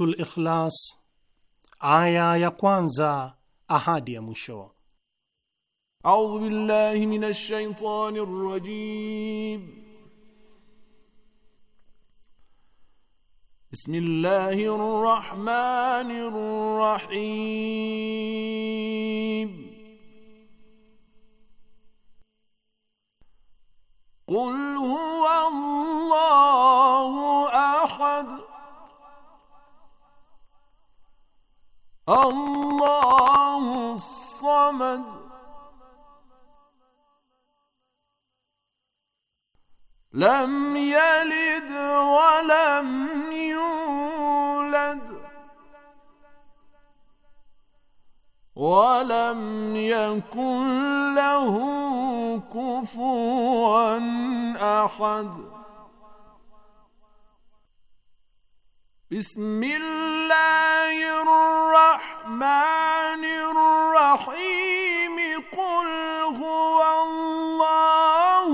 Suratul Ikhlas aya ya kwanza ahadi ya mwisho. A'udhu billahi minash shaitani rrajim. Bismillahir rahmanir rahim. الله الصمد لم يلد ولم يولد ولم يكن له كفوا أحد بسم الله الرحمن الرحيم قل هو الله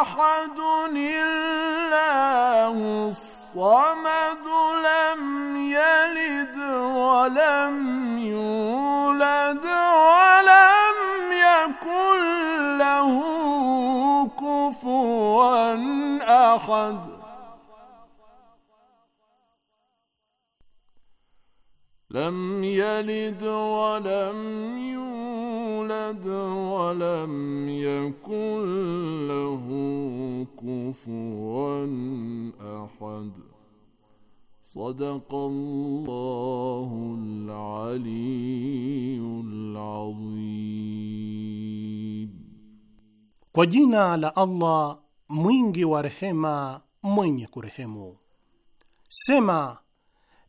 احد الله الصمد لم يلد ولم يولد ولم يكن له كفوا احد لم يلد ولم يولد ولم يكن له كفوا احد صدق الله العلي العظيم وجينا لالله مينجي ورحمه مين يكرهمه سما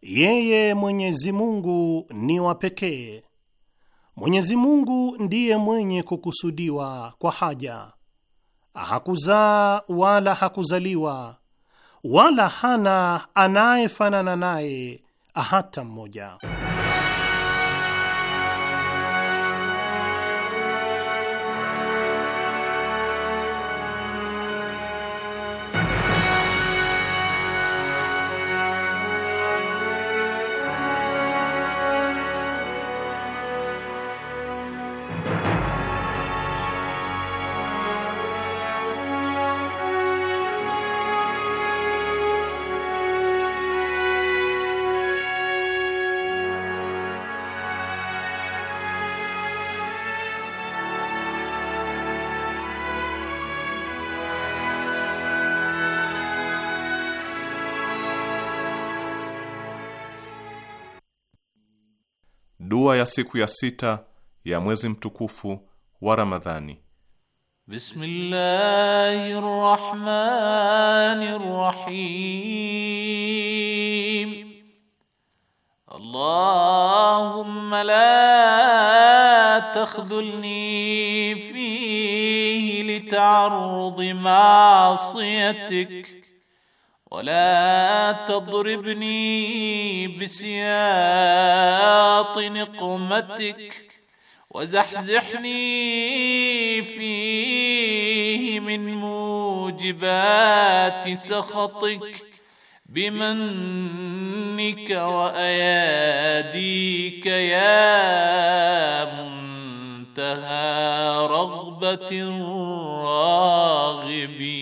Yeye Mwenyezi Mungu ni wa pekee. Mwenyezi Mungu ndiye mwenye kukusudiwa kwa haja. Hakuzaa wala hakuzaliwa wala hana anayefanana naye hata mmoja. ya siku ya sita ya mwezi mtukufu wa Ramadhani. Bismillahir Rahmanir Rahim. Allahumma la takhdhulni fihi li ta'arrudi ma'siyatik ولا تضربني بسياط نقمتك وزحزحني فيه من موجبات سخطك بمنك واياديك يا منتهى رغبه الراغبين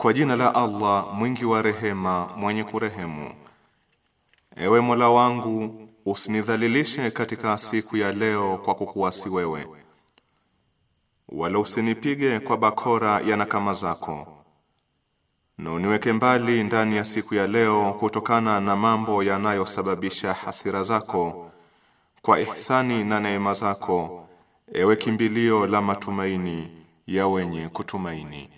Kwa jina la Allah mwingi wa rehema mwenye kurehemu. Ewe Mola wangu usinidhalilishe katika siku ya leo kwa kukuasi wewe, wala usinipige kwa bakora ya nakama zako, na uniweke mbali ndani ya siku ya leo kutokana na mambo yanayosababisha hasira zako, kwa ihsani na neema zako, ewe kimbilio la matumaini ya wenye kutumaini.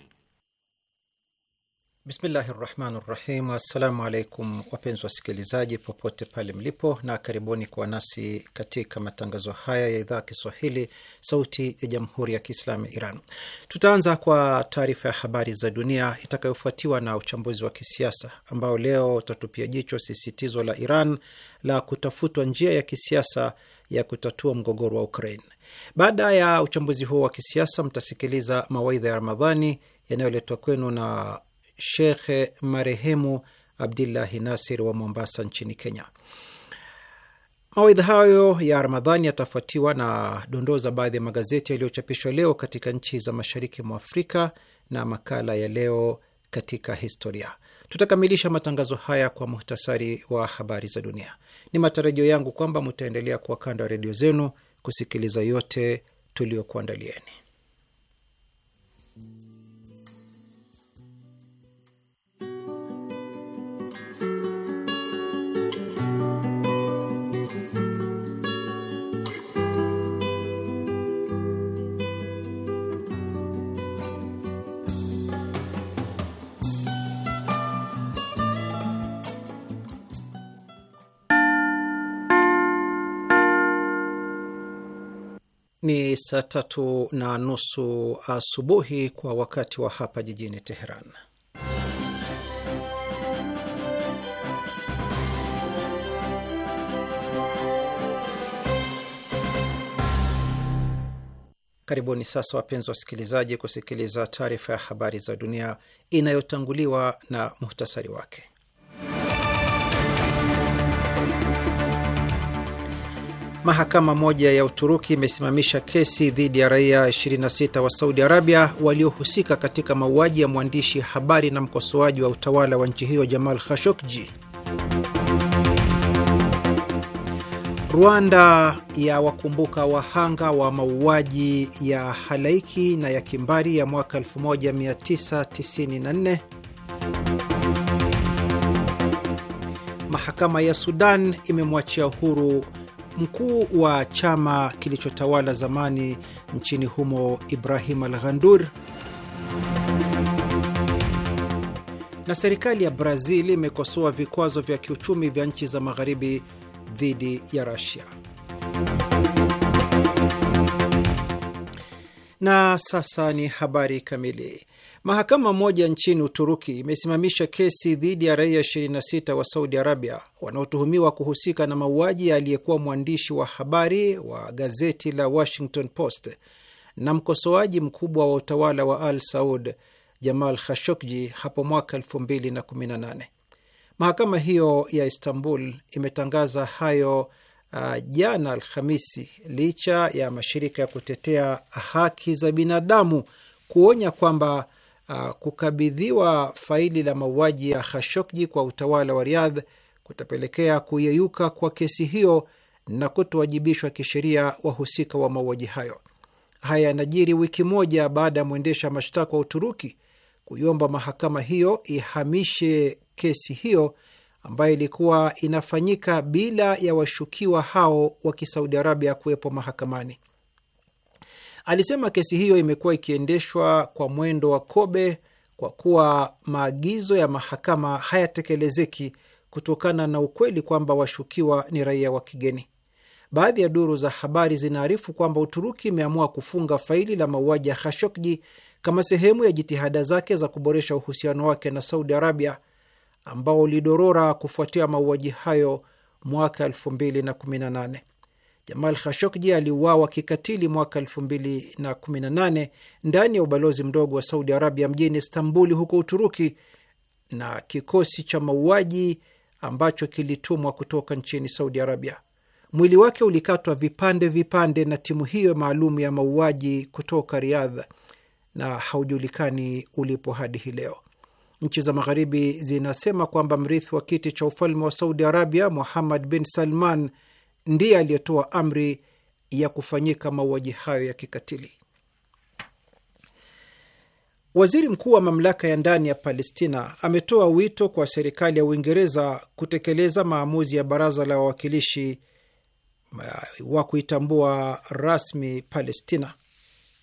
Bismillahi rahmani rahim. Assalamu alaikum wapenzi wasikilizaji popote pale mlipo, na karibuni kwa nasi katika matangazo haya ya idhaa ya Kiswahili sauti ya jamhuri ya Kiislamu ya Iran. Tutaanza kwa taarifa ya habari za dunia itakayofuatiwa na uchambuzi wa kisiasa ambao leo utatupia jicho sisitizo la Iran la kutafutwa njia ya kisiasa ya kutatua mgogoro wa Ukraine. Baada ya uchambuzi huo wa kisiasa, mtasikiliza mawaidha ya Ramadhani yanayoletwa kwenu na Shekhe marehemu Abdillahi Nasir wa Mombasa nchini Kenya. Mawaidha hayo ya Ramadhani yatafuatiwa na dondoo za baadhi ya magazeti yaliyochapishwa leo katika nchi za mashariki mwa Afrika na makala ya leo katika historia. Tutakamilisha matangazo haya kwa muhtasari wa habari za dunia. Ni matarajio yangu kwamba mutaendelea kuwa kando ya redio zenu kusikiliza yote tuliokuandalieni Ni saa tatu na nusu asubuhi kwa wakati wa hapa jijini Teheran. Karibuni sasa wapenzi wasikilizaji, kusikiliza taarifa ya habari za dunia inayotanguliwa na muhtasari wake. Mahakama moja ya Uturuki imesimamisha kesi dhidi ya raia 26 wa Saudi Arabia waliohusika katika mauaji ya mwandishi habari na mkosoaji wa utawala wa nchi hiyo Jamal Khashoggi. Rwanda ya wakumbuka wahanga wa mauaji ya halaiki na ya kimbari ya mwaka 1994. Mahakama ya Sudan imemwachia uhuru Mkuu wa chama kilichotawala zamani nchini humo Ibrahim al ghandur Na serikali ya Brazil imekosoa vikwazo vya kiuchumi vya nchi za magharibi dhidi ya rusia Na sasa ni habari kamili. Mahakama moja nchini Uturuki imesimamisha kesi dhidi ya raia 26 wa Saudi Arabia wanaotuhumiwa kuhusika na mauaji aliyekuwa mwandishi wa habari wa gazeti la Washington Post na mkosoaji mkubwa wa utawala wa Al Saud Jamal Khashoggi hapo mwaka 2018. Mahakama hiyo ya Istanbul imetangaza hayo uh, jana Alhamisi, licha ya mashirika ya kutetea haki za binadamu kuonya kwamba Uh, kukabidhiwa faili la mauaji ya Khashoggi kwa utawala wa Riyadh kutapelekea kuyeyuka kwa kesi hiyo na kutowajibishwa kisheria wahusika wa mauaji hayo. Haya yanajiri wiki moja baada ya mwendesha mashtaka wa Uturuki kuiomba mahakama hiyo ihamishe kesi hiyo ambayo ilikuwa inafanyika bila ya washukiwa hao wa Kisaudi Arabia kuwepo mahakamani. Alisema kesi hiyo imekuwa ikiendeshwa kwa mwendo wa kobe kwa kuwa maagizo ya mahakama hayatekelezeki kutokana na ukweli kwamba washukiwa ni raia wa kigeni. Baadhi ya duru za habari zinaarifu kwamba Uturuki imeamua kufunga faili la mauaji ya Khashoggi kama sehemu ya jitihada zake za kuboresha uhusiano wake na Saudi Arabia ambao ulidorora kufuatia mauaji hayo mwaka 2018. Jamal Khashoggi aliuawa kikatili mwaka 2018 ndani ya ubalozi mdogo wa Saudi Arabia mjini istambuli huko Uturuki na kikosi cha mauaji ambacho kilitumwa kutoka nchini Saudi Arabia. Mwili wake ulikatwa vipande vipande na timu hiyo maalum ya mauaji kutoka Riyadh na haujulikani ulipo hadi hii leo. Nchi za Magharibi zinasema kwamba mrithi wa kiti cha ufalme wa Saudi Arabia Muhammad bin Salman ndiye aliyetoa amri ya kufanyika mauaji hayo ya kikatili. Waziri mkuu wa mamlaka ya ndani ya Palestina ametoa wito kwa serikali ya Uingereza kutekeleza maamuzi ya baraza la wawakilishi wa kuitambua rasmi Palestina.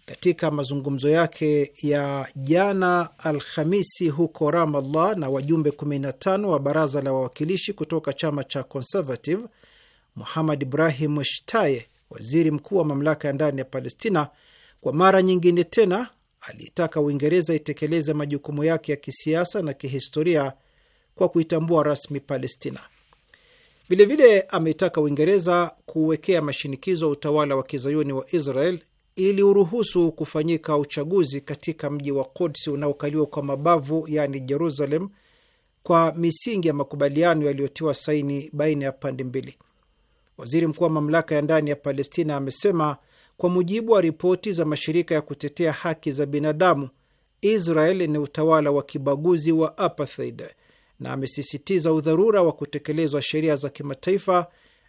Katika mazungumzo yake ya jana Alhamisi huko Ramallah na wajumbe 15 wa baraza la wawakilishi kutoka chama cha Conservative, Muhamad Ibrahim Shtaye, waziri mkuu wa mamlaka ya ndani ya Palestina, kwa mara nyingine tena aliitaka Uingereza itekeleze majukumu yake ya kisiasa na kihistoria kwa kuitambua rasmi Palestina. Vilevile ameitaka Uingereza kuwekea mashinikizo utawala wa kizayuni wa Israel ili uruhusu kufanyika uchaguzi katika mji wa Kudsi unaokaliwa kwa mabavu, yaani Jerusalem, kwa misingi ya makubaliano yaliyotiwa saini baina ya pande mbili. Waziri mkuu wa mamlaka ya ndani ya Palestina amesema kwa mujibu wa ripoti za mashirika ya kutetea haki za binadamu, Israel ni utawala wa kibaguzi wa apartheid, na amesisitiza udharura wa kutekelezwa sheria za kimataifa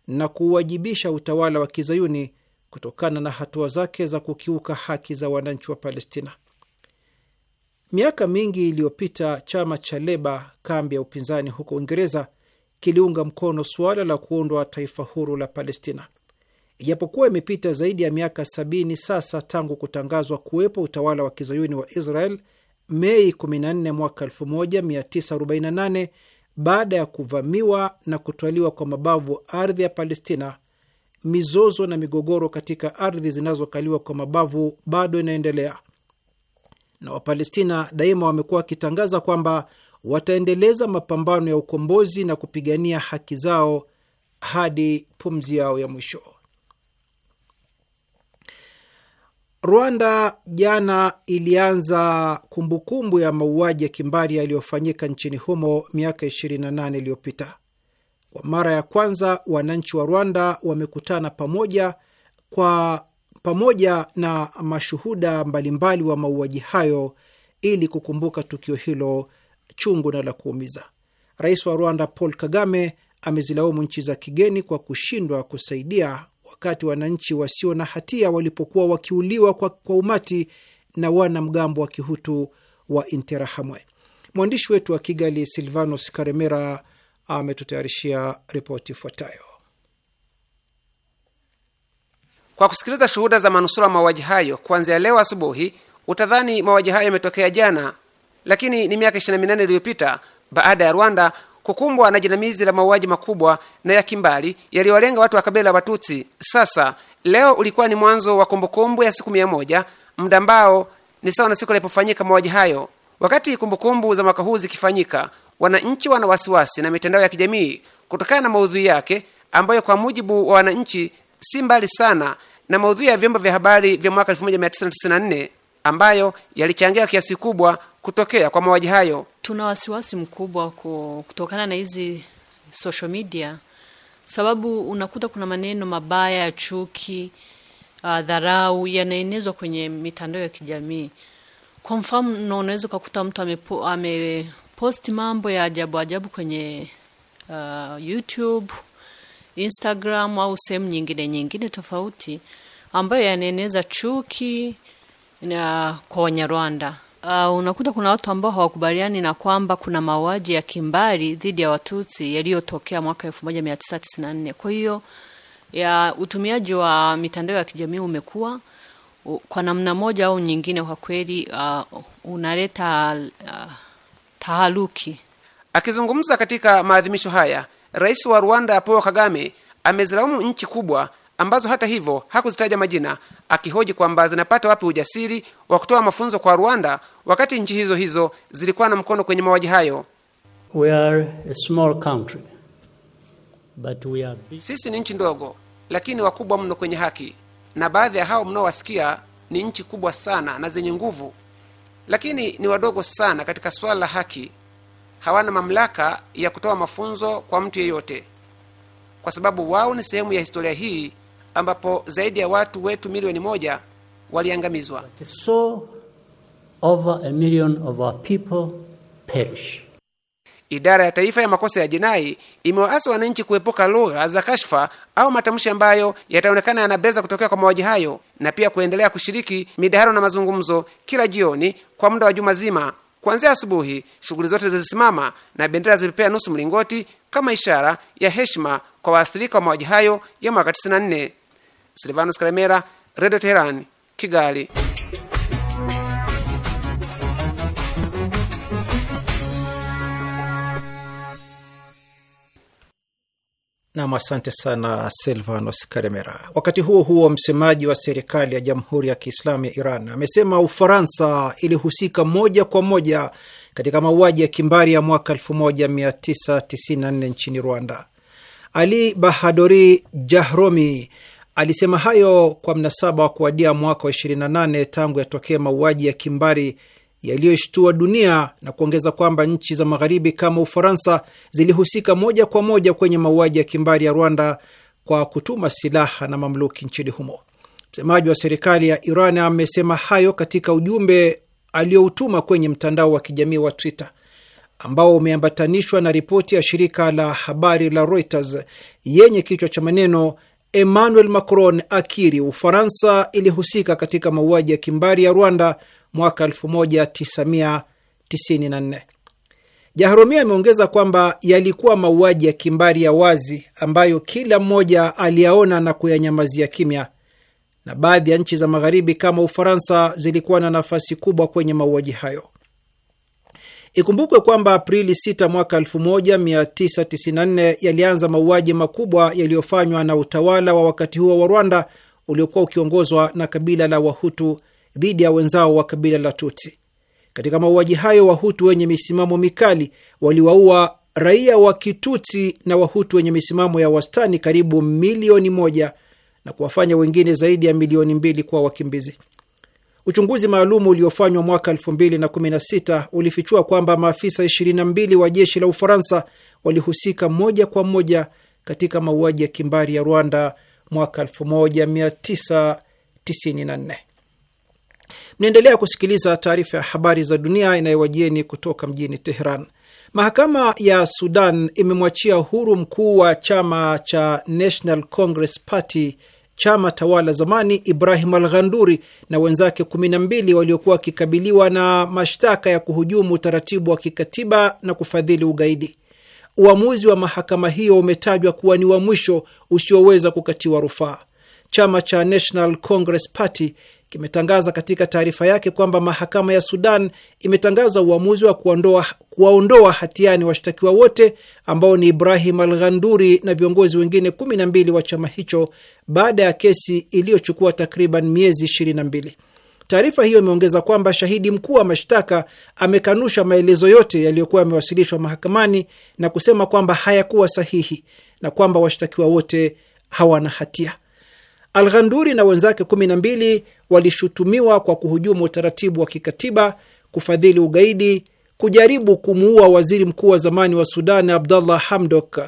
na kuuwajibisha utawala wa kizayuni kutokana na hatua zake za kukiuka haki za wananchi wa Palestina. Miaka mingi iliyopita, chama cha Leba, kambi ya upinzani huko Uingereza, kiliunga mkono suala la kuundwa taifa huru la Palestina. Ijapokuwa imepita zaidi ya miaka sabini sasa tangu kutangazwa kuwepo utawala wa kizayuni wa Israel Mei 14 mwaka 1948 baada ya kuvamiwa na kutwaliwa kwa mabavu ardhi ya Palestina, mizozo na migogoro katika ardhi zinazokaliwa kwa mabavu bado inaendelea, na Wapalestina daima wamekuwa wakitangaza kwamba wataendeleza mapambano ya ukombozi na kupigania haki zao hadi pumzi yao ya mwisho. Rwanda jana ilianza kumbukumbu kumbu ya mauaji ya kimbari yaliyofanyika nchini humo miaka 28 iliyopita. Kwa mara ya kwanza wananchi wa Rwanda wamekutana pamoja kwa pamoja na mashuhuda mbalimbali wa mauaji hayo ili kukumbuka tukio hilo chungu na la kuumiza. Rais wa Rwanda Paul Kagame amezilaumu nchi za kigeni kwa kushindwa kusaidia wakati wananchi wasio na hatia walipokuwa wakiuliwa kwa, kwa umati na wanamgambo wa kihutu wa Interahamwe. Mwandishi wetu wa Kigali Silvanos Karemera ametutayarishia ripoti ifuatayo. Kwa kusikiliza shuhuda za manusura mauaji hayo kuanzia leo asubuhi, utadhani mauaji hayo yametokea jana, lakini ni miaka 28 iliyopita baada ya Rwanda kukumbwa na jinamizi la mauaji makubwa na ya kimbali yaliyowalenga watu wa kabila la Watutsi. Sasa leo ulikuwa ni mwanzo wa kumbukumbu ya siku mia moja, muda ambao ni sawa na siku yalipofanyika mauaji hayo. Wakati kumbukumbu za mwaka huu zikifanyika, wananchi wana wasiwasi na mitandao ya kijamii kutokana na maudhui yake ambayo kwa mujibu wa wananchi si mbali sana na maudhui ya vyombo vya habari vya mwaka 1994 ambayo yalichangia kiasi kubwa kutokea kwa mauaji hayo. Tuna wasiwasi mkubwa kutokana na hizi social media, sababu unakuta kuna maneno mabaya ya chuki, uh, dharau yanaenezwa kwenye mitandao ya kijamii. Kwa mfano, unaweza ukakuta mtu amepo, ameposti mambo ya ajabu ajabu kwenye uh, YouTube, Instagram au sehemu nyingine nyingine tofauti ambayo yanaeneza chuki na kwa Wanyarwanda. Uh, unakuta kuna watu ambao hawakubaliani na kwamba kuna mauaji ya kimbari dhidi ya Watutsi yaliyotokea mwaka 1994. Kwa hiyo ya utumiaji wa mitandao ya kijamii umekuwa kwa namna moja au nyingine, kwa kweli uh, unaleta uh, taharuki. Akizungumza katika maadhimisho haya, Rais wa Rwanda Paul Kagame amezilaumu nchi kubwa ambazo hata hivyo hakuzitaja majina, akihoji kwamba zinapata wapi ujasiri wa kutoa mafunzo kwa Rwanda wakati nchi hizo hizo zilikuwa na mkono kwenye mauaji hayo. We are a small country, but we are big. Sisi ni nchi ndogo lakini wakubwa mno kwenye haki, na baadhi ya hao mnaowasikia ni nchi kubwa sana na zenye nguvu, lakini ni wadogo sana katika swala la haki. Hawana mamlaka ya kutoa mafunzo kwa mtu yeyote, kwa sababu wao ni sehemu ya historia hii ambapo zaidi ya watu wetu milioni moja waliangamizwa. So over a million of our people perish. Idara ya Taifa ya Makosa ya Jinai imewaasa wananchi kuepuka lugha za kashfa au matamshi ambayo yataonekana yanabeza kutokea kwa mauaji hayo, na pia kuendelea kushiriki midaharo na mazungumzo kila jioni kwa muda wa juma zima. Kuanzia asubuhi, shughuli zote zilisimama na bendera zilipepea nusu mlingoti kama ishara ya heshima kwa waathirika wa mauaji hayo ya mwaka 94. Silvanus Karemera, Redio Teherani, Kigali. Nam, asante sana Silvanos Karemera. Wakati huo huo, msemaji wa serikali ya Jamhuri ya Kiislamu ya Iran amesema Ufaransa ilihusika moja kwa moja katika mauaji ya kimbari ya mwaka 1994 nchini Rwanda. Ali Bahadori Jahromi Alisema hayo kwa mnasaba wa kuadia mwaka wa 28 tangu yatokee mauaji ya kimbari yaliyoshtua dunia na kuongeza kwamba nchi za magharibi kama Ufaransa zilihusika moja kwa moja kwenye mauaji ya kimbari ya Rwanda kwa kutuma silaha na mamluki nchini humo. Msemaji wa serikali ya Iran amesema hayo katika ujumbe aliyoutuma kwenye mtandao wa kijamii wa Twitter ambao umeambatanishwa na ripoti ya shirika la habari la Reuters yenye kichwa cha maneno Emmanuel Macron akiri Ufaransa ilihusika katika mauaji ya kimbari ya Rwanda mwaka 1994. Jaharomia ameongeza kwamba yalikuwa mauaji ya kimbari ya wazi ambayo kila mmoja aliyaona na kuyanyamazia kimya, na baadhi ya nchi za magharibi kama Ufaransa zilikuwa na nafasi kubwa kwenye mauaji hayo. Ikumbukwe kwamba Aprili 6 mwaka 1994 yalianza mauaji makubwa yaliyofanywa na utawala wa wakati huo wa Rwanda uliokuwa ukiongozwa na kabila la Wahutu dhidi ya wenzao wa kabila la Tutsi. Katika mauaji hayo, Wahutu wenye misimamo mikali waliwaua raia wa Kitutsi na Wahutu wenye misimamo ya wastani karibu milioni moja na kuwafanya wengine zaidi ya milioni mbili kuwa wakimbizi. Uchunguzi maalum uliofanywa mwaka 2016 ulifichua kwamba maafisa 22 wa jeshi la Ufaransa walihusika moja kwa moja katika mauaji ya kimbari ya Rwanda mwaka 1994. Mnaendelea kusikiliza taarifa ya habari za dunia inayowajieni kutoka mjini Teheran. Mahakama ya Sudan imemwachia huru mkuu wa chama cha National Congress Party chama tawala zamani Ibrahim al-Ghanduri na wenzake mbili waliokuwa wakikabiliwa na mashtaka ya kuhujumu utaratibu wa kikatiba na kufadhili ugaidi. Uamuzi wa mahakama hiyo umetajwa kuwa ni wa mwisho usioweza kukatiwa rufaa. Chama cha National Congress Party kimetangaza katika taarifa yake kwamba mahakama ya Sudan imetangaza uamuzi wa kuwaondoa hatiani washtakiwa wote ambao ni Ibrahim Al Ghanduri na viongozi wengine kumi na mbili wa chama hicho baada ya kesi iliyochukua takriban miezi ishirini na mbili. Taarifa hiyo imeongeza kwamba shahidi mkuu wa mashtaka amekanusha maelezo yote yaliyokuwa yamewasilishwa mahakamani na kusema kwamba hayakuwa sahihi na kwamba washtakiwa wote hawana hatia. Alghanduri na wenzake kumi na mbili walishutumiwa kwa kuhujumu utaratibu wa kikatiba, kufadhili ugaidi, kujaribu kumuua waziri mkuu wa zamani wa Sudan abdullah Hamdok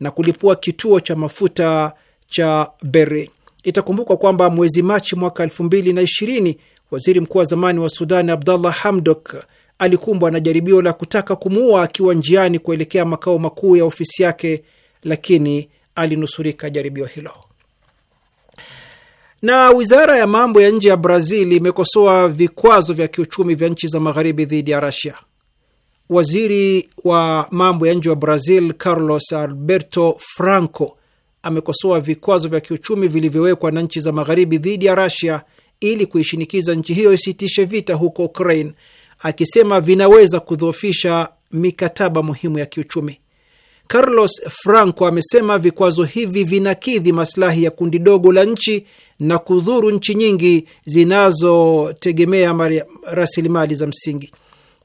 na kulipua kituo cha mafuta cha Beri. Itakumbukwa kwamba mwezi Machi mwaka elfu mbili na ishirini waziri mkuu wa zamani wa Sudan abdullah Hamdok alikumbwa na jaribio la kutaka kumuua akiwa njiani kuelekea makao makuu ya ofisi yake, lakini alinusurika jaribio hilo. Na wizara ya mambo ya nje ya Brazil imekosoa vikwazo vya kiuchumi vya nchi za magharibi dhidi ya rasia Waziri wa mambo ya nje wa Brazil Carlos Alberto Franco amekosoa vikwazo vya kiuchumi vilivyowekwa na nchi za magharibi dhidi ya rasia ili kuishinikiza nchi hiyo isitishe vita huko Ukraine, akisema vinaweza kudhoofisha mikataba muhimu ya kiuchumi. Carlos Franco amesema vikwazo hivi vinakidhi masilahi ya kundi dogo la nchi na kudhuru nchi nyingi zinazotegemea rasilimali za msingi.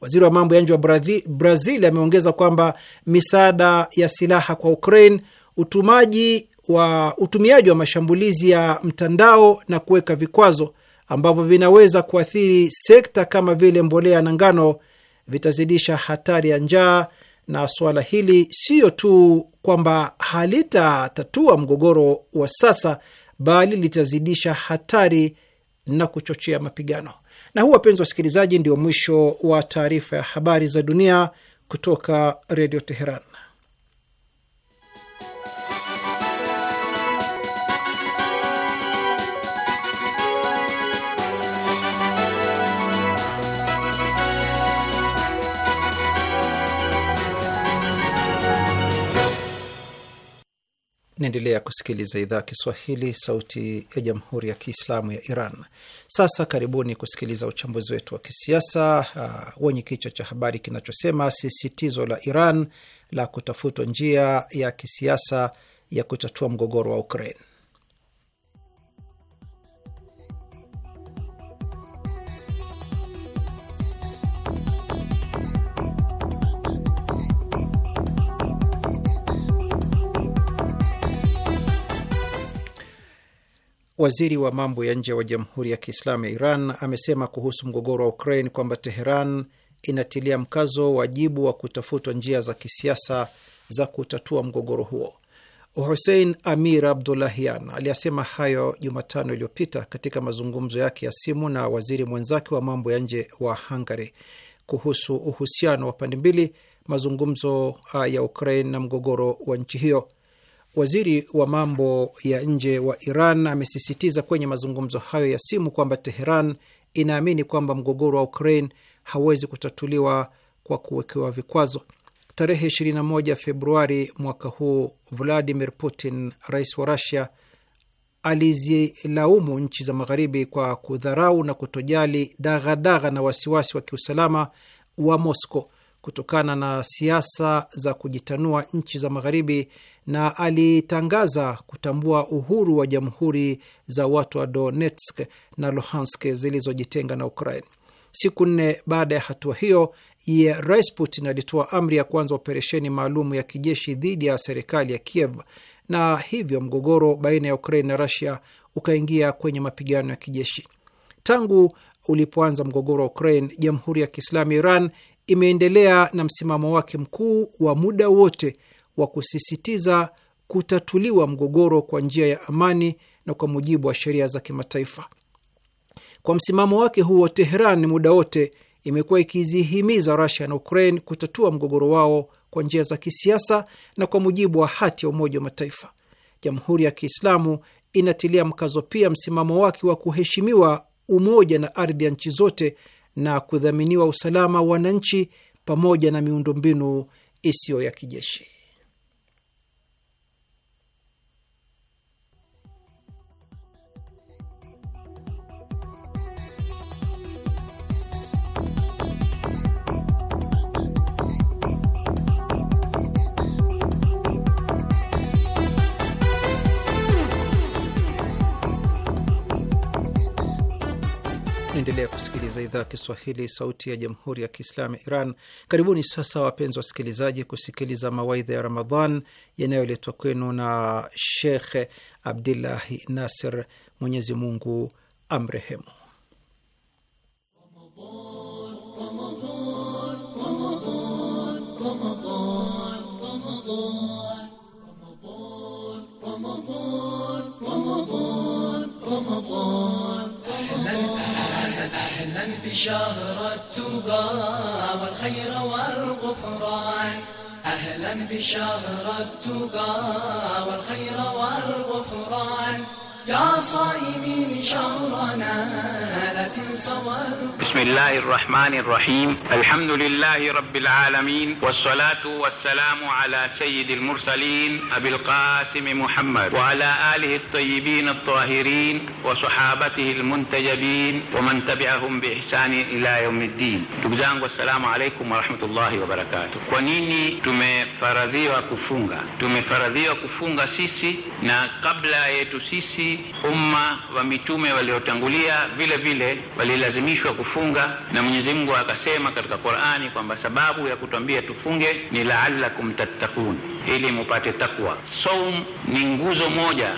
Waziri wa mambo ya nje wa Brazil ameongeza kwamba misaada ya silaha kwa Ukraine, utumaji wa utumiaji wa mashambulizi ya mtandao na kuweka vikwazo ambavyo vinaweza kuathiri sekta kama vile mbolea na ngano vitazidisha hatari ya njaa na suala hili siyo tu kwamba halitatatua mgogoro wa sasa, bali litazidisha hatari na kuchochea mapigano. Na huu, wapenzi wa wasikilizaji, ndio mwisho wa taarifa ya habari za dunia kutoka Redio Teheran. Naendelea kusikiliza idhaa ya Kiswahili, sauti ya jamhuri ya kiislamu ya Iran. Sasa karibuni kusikiliza uchambuzi wetu wa kisiasa uh, wenye kichwa cha habari kinachosema sisitizo la Iran la kutafutwa njia ya kisiasa ya kutatua mgogoro wa Ukraine. Waziri wa mambo ya nje wa Jamhuri ya Kiislamu ya Iran amesema kuhusu mgogoro wa Ukraine kwamba Teheran inatilia mkazo wajibu wa kutafutwa njia za kisiasa za kutatua mgogoro huo. Hussein Amir Abdullahian aliyasema hayo Jumatano iliyopita katika mazungumzo yake ya simu na waziri mwenzake wa mambo ya nje wa Hungary kuhusu uhusiano wa pande mbili, mazungumzo uh, ya Ukraine na mgogoro wa nchi hiyo. Waziri wa mambo ya nje wa Iran amesisitiza kwenye mazungumzo hayo ya simu kwamba Teheran inaamini kwamba mgogoro wa Ukraine hauwezi kutatuliwa kwa kuwekewa vikwazo. Tarehe 21 Februari mwaka huu, Vladimir Putin, rais wa Rusia, alizilaumu nchi za Magharibi kwa kudharau na kutojali daghadagha na wasiwasi wa kiusalama wa Moscow kutokana na siasa za kujitanua nchi za Magharibi na alitangaza kutambua uhuru wa jamhuri za watu wa Donetsk na Luhansk zilizojitenga na Ukraine. Siku nne baada ya hatua hiyo ya Rais Putin alitoa amri ya kuanza operesheni maalum ya kijeshi dhidi ya serikali ya Kiev, na hivyo mgogoro baina ya Ukraine na rasia ukaingia kwenye mapigano ya kijeshi. Tangu ulipoanza mgogoro wa Ukraine, Jamhuri ya Kiislamu Iran imeendelea na msimamo wake mkuu wa muda wote wa kusisitiza kutatuliwa mgogoro kwa njia ya amani na kwa mujibu wa sheria za kimataifa. Kwa msimamo wake huo, Teheran muda wote imekuwa ikizihimiza Rusia na Ukraine kutatua mgogoro wao kwa njia za kisiasa na kwa mujibu wa hati ya Umoja wa Mataifa. Jamhuri ya Kiislamu inatilia mkazo pia msimamo wake wa kuheshimiwa umoja na ardhi ya nchi zote na kudhaminiwa usalama wa wananchi pamoja na miundombinu isiyo ya kijeshi. Naendelea kusikiliza idhaa ya Kiswahili, sauti ya jamhuri ya kiislamu ya Iran. Karibuni sasa, wapenzi wasikilizaji, kusikiliza mawaidha ya Ramadhan yanayoletwa kwenu na Shekh abdullahi Nasir, Mwenyezi Mungu amrehemu. Ramadan, Ramadan, Ramadan, Ramadan. منها بشهر التقى والخير والغفران أهلا بشهر التقى والخير والغفران يا صائمين شهرنا لكن صواب بسم الله الرحمن الرحيم الحمد لله رب العالمين والصلاة والسلام على سيد المرسلين أبي القاسم محمد وعلى آله الطيبين الطاهرين وصحابته المنتجبين ومن تبعهم بإحسان إلى يوم الدين تبزان والسلام عليكم ورحمة الله وبركاته تمي nini وكفونغا تمي tumefaradhiwa وكفونغا سيسي na kabla yetu sisi umma wa mitume waliotangulia vile vile walilazimishwa kufunga, na Mwenyezi Mungu akasema katika Qur'ani kwamba sababu ya kutwambia tufunge ni laalakum tattakun ili mupate takwa. Saum ni nguzo moja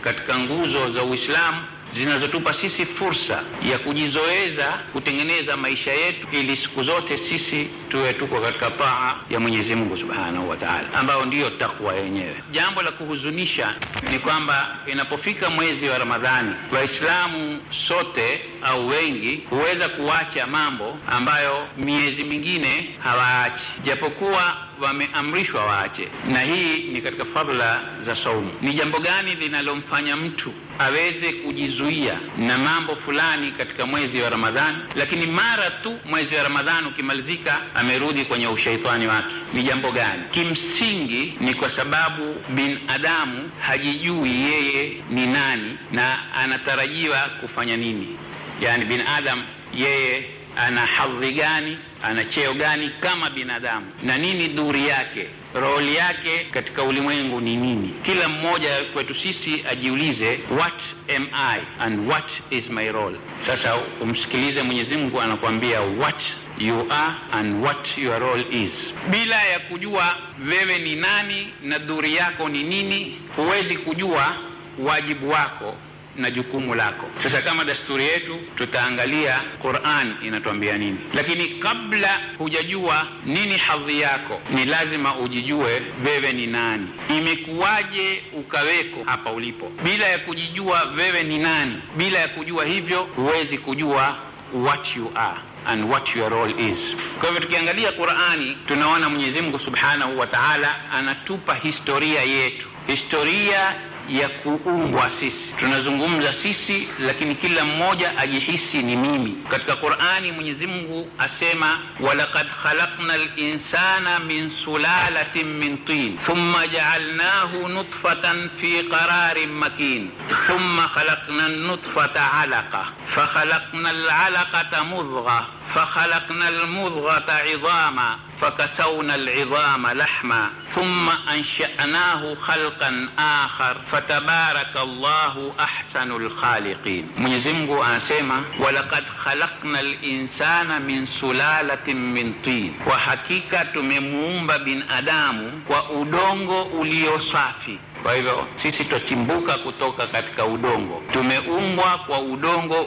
katika nguzo za Uislamu zinazotupa sisi fursa ya kujizoeza kutengeneza maisha yetu ili siku zote sisi tuwe tuko katika paa ya Mwenyezi Mungu Subhanahu wa Ta'ala, ambayo ndiyo takwa yenyewe. Jambo la kuhuzunisha ni kwamba inapofika mwezi wa Ramadhani, Waislamu sote au wengi huweza kuacha mambo ambayo miezi mingine hawaachi, japokuwa wameamrishwa waache, na hii ni katika fadhila za saumu. Ni jambo gani linalomfanya mtu aweze kujizuia na mambo fulani katika mwezi wa Ramadhani, lakini mara tu mwezi wa Ramadhani ukimalizika amerudi kwenye ushaitani wake? Ni jambo gani? Kimsingi ni kwa sababu binadamu hajijui yeye ni nani na anatarajiwa kufanya nini. Yani binadamu yeye ana hadhi gani, ana cheo gani kama binadamu, na nini dhuri yake, roli yake katika ulimwengu ni nini? Kila mmoja kwetu sisi ajiulize, what am I and what is my role. Sasa umsikilize Mwenyezi Mungu anakuambia what you are and what your role is. Bila ya kujua wewe ni nani na dhuri yako ni nini, huwezi kujua wajibu wako na jukumu lako. Sasa kama dasturi yetu, tutaangalia Qur'an inatuambia nini, lakini kabla hujajua nini hadhi yako, ni lazima ujijue wewe ni nani, imekuwaje ukaweko hapa ulipo. Bila ya kujijua wewe ni nani, bila ya kujua hivyo, huwezi kujua what you are and what your role is. Kwa hivyo tukiangalia Qur'ani tunaona Mwenyezi Mungu Subhanahu wa Ta'ala anatupa historia yetu, historia ya kuumbwa sisi. Tunazungumza sisi, lakini kila mmoja ajihisi ni mimi. Katika Qur'ani Mwenyezi Mungu asema, walaqad khalaqna linsana min sulalatin min tin thumma jaalnahu nutfatan fi qararin makin thumma khalaqna nutfata alaqa fakhalaqna alalaqata mudgha فخلقنا المضغة عظاما فكسونا العظام لحما ثم أنشأناه خلقا آخر فتبارك الله أحسن الخالقين منزمه أنسيما ولقد خلقنا الإنسان من سلالة من طين وحقيقة من بن أدام وأدونغ أليو صافي Kwa hivyo sisi twachimbuka kutoka katika udongo, tumeumbwa kwa udongo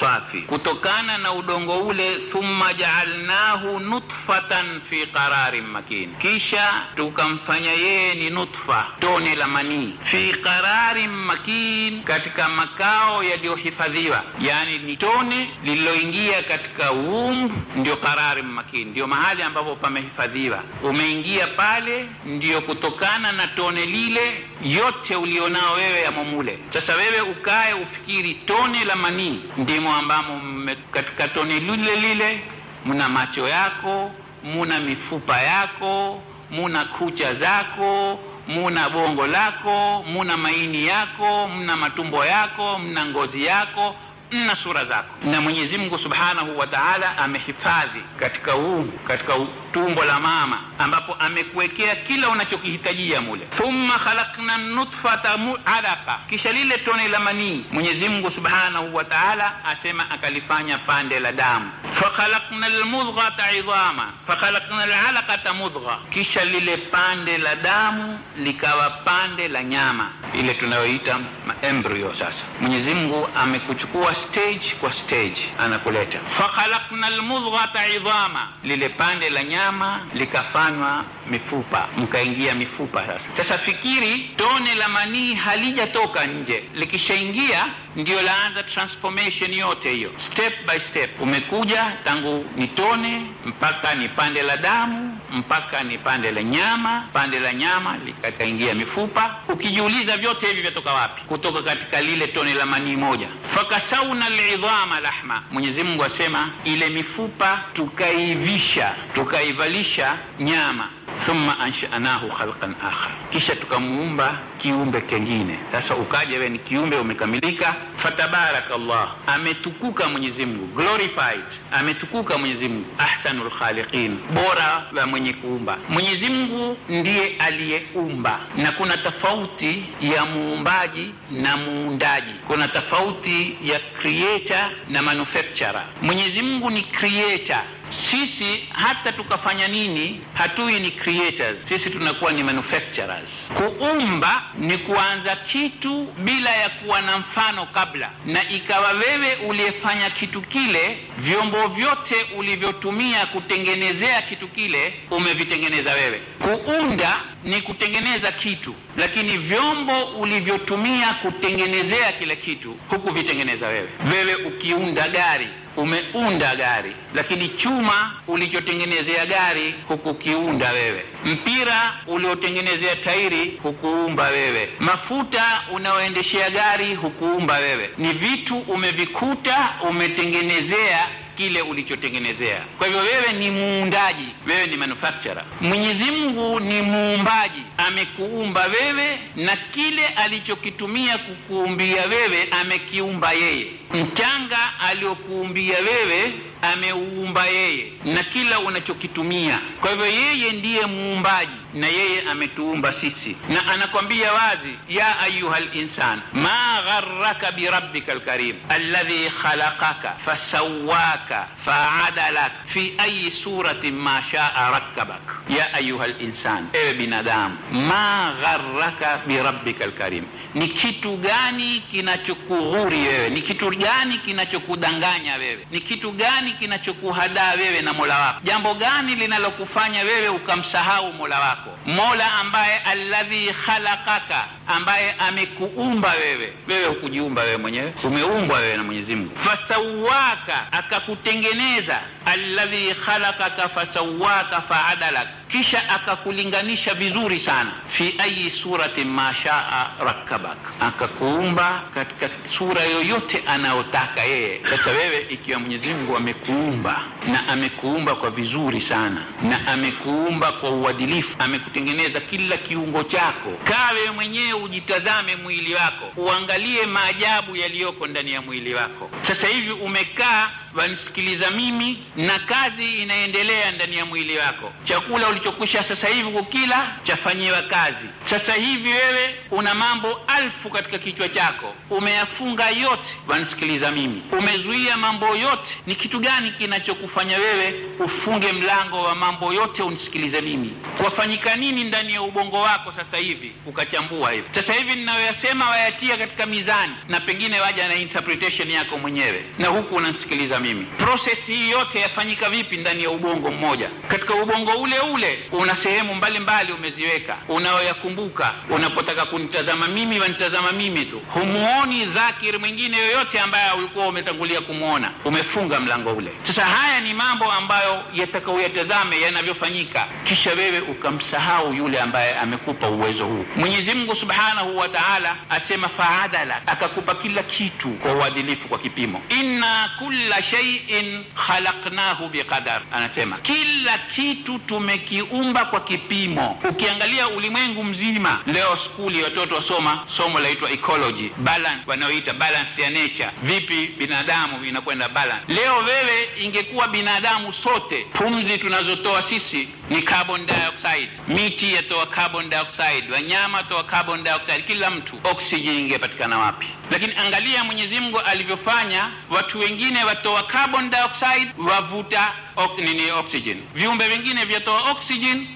safi, Kutokana na udongo ule, thumma jaalnahu nutfatan fi qararin makin, kisha tukamfanya yeye ni nutfa, tone la manii, fi qararin makin, katika makao yaliyohifadhiwa, yani ni tone lililoingia katika umbu, ndio qararin makin, ndio mahali ambapo pamehifadhiwa, umeingia pale, ndiyo kutokana na tone lile yote ulionao wewe yamo mule. Sasa wewe ukae ufikiri tone la manii ndimo ambamo, katika tone lile lile muna macho yako, muna mifupa yako, muna kucha zako, muna bongo lako, muna maini yako, muna matumbo yako, mna ngozi yako na sura zako. Na Mwenyezi Mungu Subhanahu wa Ta'ala amehifadhi katika huu katika tumbo la mama, ambapo amekuwekea kila unachokihitajia mule. Thumma khalaqna nutfata alaka, kisha lile tone la manii Mwenyezi Mungu Subhanahu wa Ta'ala asema akalifanya pande la damu. Fakhalaqna almudghata idhama fakhalaqna alalaqata mudgha, kisha lile pande la damu likawa pande la nyama ile tunayoita embryo. Sasa Mwenyezi Mungu amekuchukua stage kwa stage anakuleta. fakhalakna almudghata idhama, lile pande la nyama likafanywa mifupa, mkaingia mifupa. Sasa sasa fikiri, tone la manii halijatoka nje, likishaingia ndio laanza transformation yote hiyo, step by step. Umekuja tangu ni tone mpaka ni pande la damu mpaka ni pande la nyama, pande la nyama likakaingia mifupa. Ukijiuliza vyote hivi vyatoka wapi? Kutoka katika lile tone la manii moja. fakasau wallauna lidhama lahma, Mwenyezi Mungu asema ile mifupa tukaivisha tukaivalisha nyama thumma anshanahu khalqan akhar, kisha tukamuumba kiumbe kengine. Sasa ukaja wewe ni kiumbe umekamilika. Fatabaraka Allah, ametukuka Mwenyezi Mungu, glorified, ametukuka Mwenyezi Mungu, ahsanul khaliqin, bora la mwenye kuumba. Mwenyezi Mungu ndiye aliyeumba, na kuna tofauti ya muumbaji na muundaji, kuna tofauti ya creator na manufacturer. Mwenyezi Mungu ni creator sisi hata tukafanya nini, hatui ni creators, sisi tunakuwa ni manufacturers. Kuumba ni kuanza kitu bila ya kuwa na mfano kabla, na ikawa wewe uliyefanya kitu kile, vyombo vyote ulivyotumia kutengenezea kitu kile umevitengeneza wewe. Kuunda ni kutengeneza kitu, lakini vyombo ulivyotumia kutengenezea kile kitu hukuvitengeneza wewe. Wewe ukiunda gari umeunda gari, lakini chuma ulichotengenezea gari hukukiunda wewe, mpira uliotengenezea tairi hukuumba wewe, mafuta unaoendeshea gari hukuumba wewe. Ni vitu umevikuta umetengenezea kile ulichotengenezea. Kwa hivyo wewe ni muundaji, wewe ni manufacturer. Mwenyezi Mungu ni muumbaji, amekuumba wewe na kile alichokitumia kukuumbia wewe amekiumba yeye. Mchanga aliokuumbia wewe ameuumba yeye na kila unachokitumia. Kwa hivyo yeye ndiye muumbaji na yeye ametuumba sisi, na anakwambia wazi, ya ayuha linsan ma gharraka birabbika lkarim alladhi khalaqaka fasawaka faadalak fi ayi suratin ma shaa rakabak. Ya ayuha linsan, ewe binadamu, ma gharraka birabbika lkarim, ni kitu gani kinachokughuri wewe? Ni kitu gani kinachokudanganya wewe? Ni kitu gani gani kinachokuhadaa wewe na mola wako? Jambo gani linalokufanya wewe ukamsahau mola wako? Mola ambaye alladhi khalaqaka, ambaye amekuumba wewe. Wewe hukujiumba wewe mwenyewe, umeumbwa wewe na Mwenyezi Mungu. Fasawaka, akakutengeneza. Alladhi khalaqaka fasawaka faadalak kisha akakulinganisha vizuri sana, fi ayi surati ma shaa rakabak, akakuumba katika sura yoyote anayotaka yeye. Sasa wewe, ikiwa Mwenyezi Mungu amekuumba na amekuumba kwa vizuri sana na amekuumba kwa uadilifu, amekutengeneza kila kiungo chako, kawe mwenyewe ujitazame mwili wako, uangalie maajabu yaliyoko ndani ya mwili wako. Sasa hivi umekaa wanisikiliza mimi na kazi inaendelea ndani ya mwili wako, chakula walichokwisha sasa hivi kukila chafanyiwa kazi. Sasa hivi wewe una mambo alfu katika kichwa chako, umeyafunga yote, wanisikiliza mimi, umezuia mambo yote. Ni kitu gani kinachokufanya wewe ufunge mlango wa mambo yote? Unisikilize mimi, kwafanyika nini ndani ya ubongo wako sasa hivi ukachambua hivi? Sasa hivi ninayoyasema wayatia katika mizani, na pengine waja na interpretation yako mwenyewe, na huku unanisikiliza mimi. Process hii yote yafanyika vipi ndani ya ubongo mmoja, katika ubongo ule ule ule una sehemu mbalimbali umeziweka unaoyakumbuka Unapotaka kunitazama mimi, wanitazama mimi tu, humuoni dhakiri mwingine yoyote ambaye ulikuwa umetangulia kumwona. Umefunga mlango ule. Sasa haya ni mambo ambayo yataka uyatazame yanavyofanyika, kisha wewe ukamsahau yule ambaye amekupa uwezo huu. Mwenyezi Mungu subhanahu wa taala asema faadala, akakupa kila kitu kwa uadilifu, kwa kipimo. Inna kula shaiin khalaknahu biqadar, anasema kila kitu tumeki imejiumba kwa kipimo. Ukiangalia ulimwengu mzima leo, skuli watoto wasoma somo laitwa ecology balance, wanaoita balance ya nature, vipi binadamu inakwenda balance. Leo wewe, ingekuwa binadamu sote, pumzi tunazotoa sisi ni carbon dioxide, miti yatoa carbon dioxide, wanyama toa carbon dioxide, kila mtu, oxygen ingepatikana wapi? Lakini angalia Mwenyezi Mungu alivyofanya, watu wengine watoa carbon dioxide, wavuta nini oxygen. Viumbe vingine vyatoa oxygen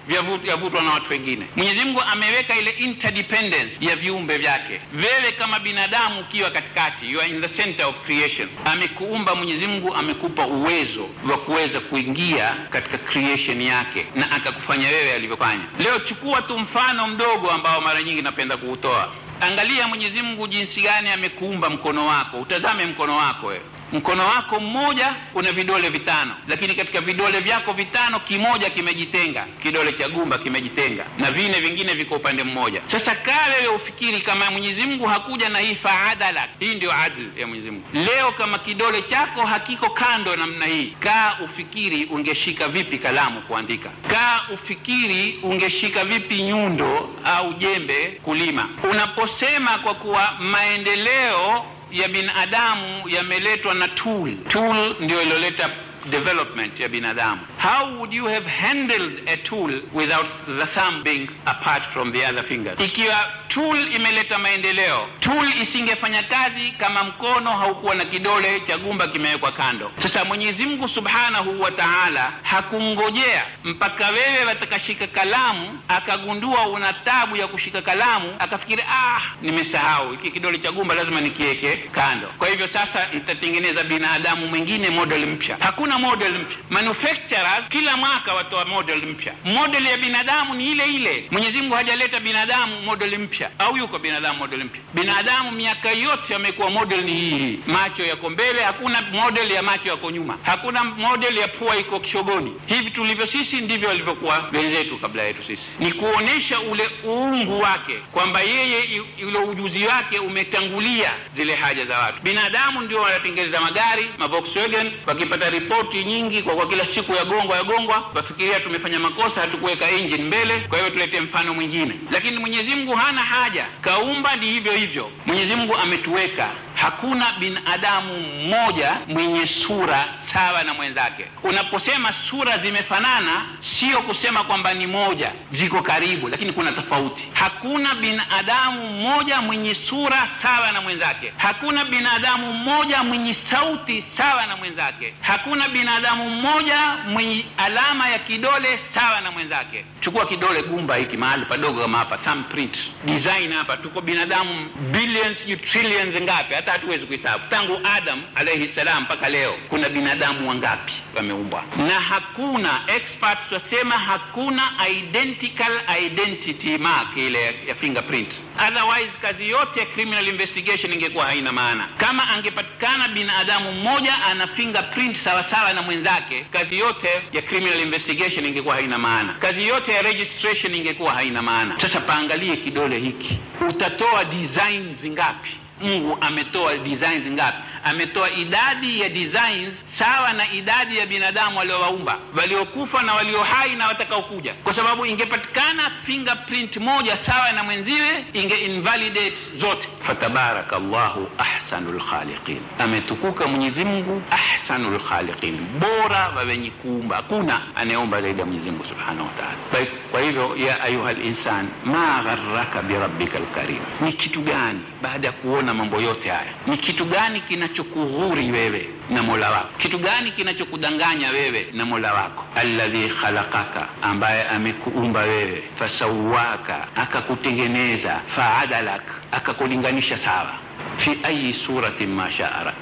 vyavutwa na watu wengine. Mwenyezi Mungu ameweka ile interdependence ya viumbe vyake. Wewe kama binadamu ukiwa katikati, you are in the center of creation. Amekuumba Mwenyezi Mungu, amekupa uwezo wa kuweza kuingia katika creation yake na akakufanya wewe alivyofanya. Leo chukua tu mfano mdogo ambao mara nyingi napenda kuutoa. Angalia Mwenyezi Mungu jinsi gani amekuumba mkono wako. Utazame mkono wako wewe mkono wako mmoja una vidole vitano, lakini katika vidole vyako vitano kimoja kimejitenga, kidole cha gumba kimejitenga, na vine vingine viko upande mmoja. Sasa kaa wewe ufikiri kama Mwenyezi Mungu hakuja na hii faadala, hii ndio adl ya Mwenyezi Mungu. Leo kama kidole chako hakiko kando namna hii, kaa ufikiri ungeshika vipi kalamu kuandika. Kaa ufikiri ungeshika vipi nyundo au jembe kulima. Unaposema kwa kuwa maendeleo ya binadamu yameletwa na tool. Tool ndio iloleta development ya binadamu. How would you have handled a tool without the thumb being apart from the other fingers? Ikiwa tool imeleta maendeleo, tool isingefanya kazi kama mkono haukuwa na kidole cha gumba kimewekwa kando. Sasa Mwenyezi Mungu Subhanahu wa Ta'ala hakungojea mpaka wewe watakashika kalamu, akagundua una tabu ya kushika kalamu, akafikiri ah, nimesahau iki kidole cha gumba lazima nikiweke kando. Kwa hivyo sasa nitatengeneza binadamu mwingine model mpya. Hakuna hakuna model mpya. Manufacturers kila mwaka watoa model mpya. Model ya binadamu ni ile ile. Mwenyezi Mungu hajaleta binadamu model mpya, au yuko binadamu model mpya? Binadamu miaka yote amekuwa model ni hii hii, macho yako mbele, hakuna model ya macho yako nyuma, hakuna model ya pua iko kishogoni. Hivi tulivyo sisi ndivyo walivyokuwa wenzetu kabla yetu sisi, ni kuonesha ule uungu wake kwamba yeye ule ujuzi wake umetangulia zile haja za watu. Binadamu ndio wanatengeneza magari ma Volkswagen, wakipata report tofauti nyingi, kwa kwa kila siku yagongwa yagongwa, twafikiria tumefanya makosa, hatukuweka engine mbele, kwa hiyo tulete mfano mwingine. Lakini Mwenyezi Mungu hana haja, kaumba ni hivyo hivyo. Mwenyezi Mungu ametuweka Hakuna binadamu mmoja mwenye sura sawa na mwenzake. Unaposema sura zimefanana, sio kusema kwamba ni moja, ziko karibu, lakini kuna tofauti. Hakuna binadamu mmoja mwenye sura sawa na mwenzake. Hakuna binadamu mmoja mwenye sauti sawa na mwenzake. Hakuna binadamu mmoja mwenye alama ya kidole sawa na mwenzake. Chukua kidole gumba hiki mahali padogo kama hapa, thumbprint design hapa, tuko binadamu billions, trillions ngapi hata hata hatuwezi kuhesabu. Tangu Adam alayhi salam mpaka leo kuna binadamu wangapi wameumbwa? Na hakuna experts wasema hakuna identical identity mark ile ya fingerprint, otherwise kazi yote ya criminal investigation ingekuwa haina maana. Kama angepatikana binadamu mmoja ana fingerprint sawasawa na mwenzake, kazi yote ya criminal investigation ingekuwa haina maana, kazi yote ya registration ingekuwa haina maana. Sasa paangalie kidole hiki, utatoa design ngapi? Mungu ametoa designs ngapi? Ametoa idadi ya designs sawa na idadi ya binadamu waliowaumba, waliokufa na walio hai na watakaokuja, kwa sababu ingepatikana fingerprint moja sawa na mwenziwe inge invalidate zote. Fatabaraka Allahu ahsanul khaliqin, ametukuka Mwenyezi Mungu ahsanul khaliqin, bora wa wenye kuumba. Hakuna anayeumba zaidi ya Mwenyezi Mungu subhanahu wa taala. Kwa hivyo, ya ayuha linsan ma gharraka birabbika lkarim, ni kitu gani baada ya kuona na mambo yote haya. Ni kitu gani kinachokughuri wewe na Mola wako? Kitu gani kinachokudanganya wewe na Mola wako? Alladhi khalaqaka, ambaye amekuumba wewe, fasawaka, akakutengeneza, faadalak, akakulinganisha sawa fi ayi surati ma shaa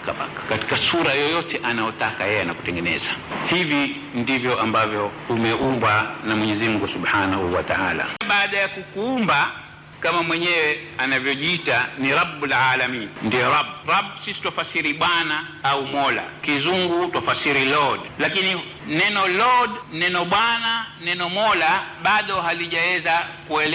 katika sura yoyote anayotaka yeye anakutengeneza. Hivi ndivyo ambavyo umeumbwa na Mwenyezi Mungu subhanahu wa taala. Baada ya kukuumba kama mwenyewe anavyojiita ni rabbul alamin, ndio rab. Rab sisi twafasiri bwana au mola, kizungu twafasiri lord, lakini Neno Lord, neno Bwana, neno Mola bado halijaweza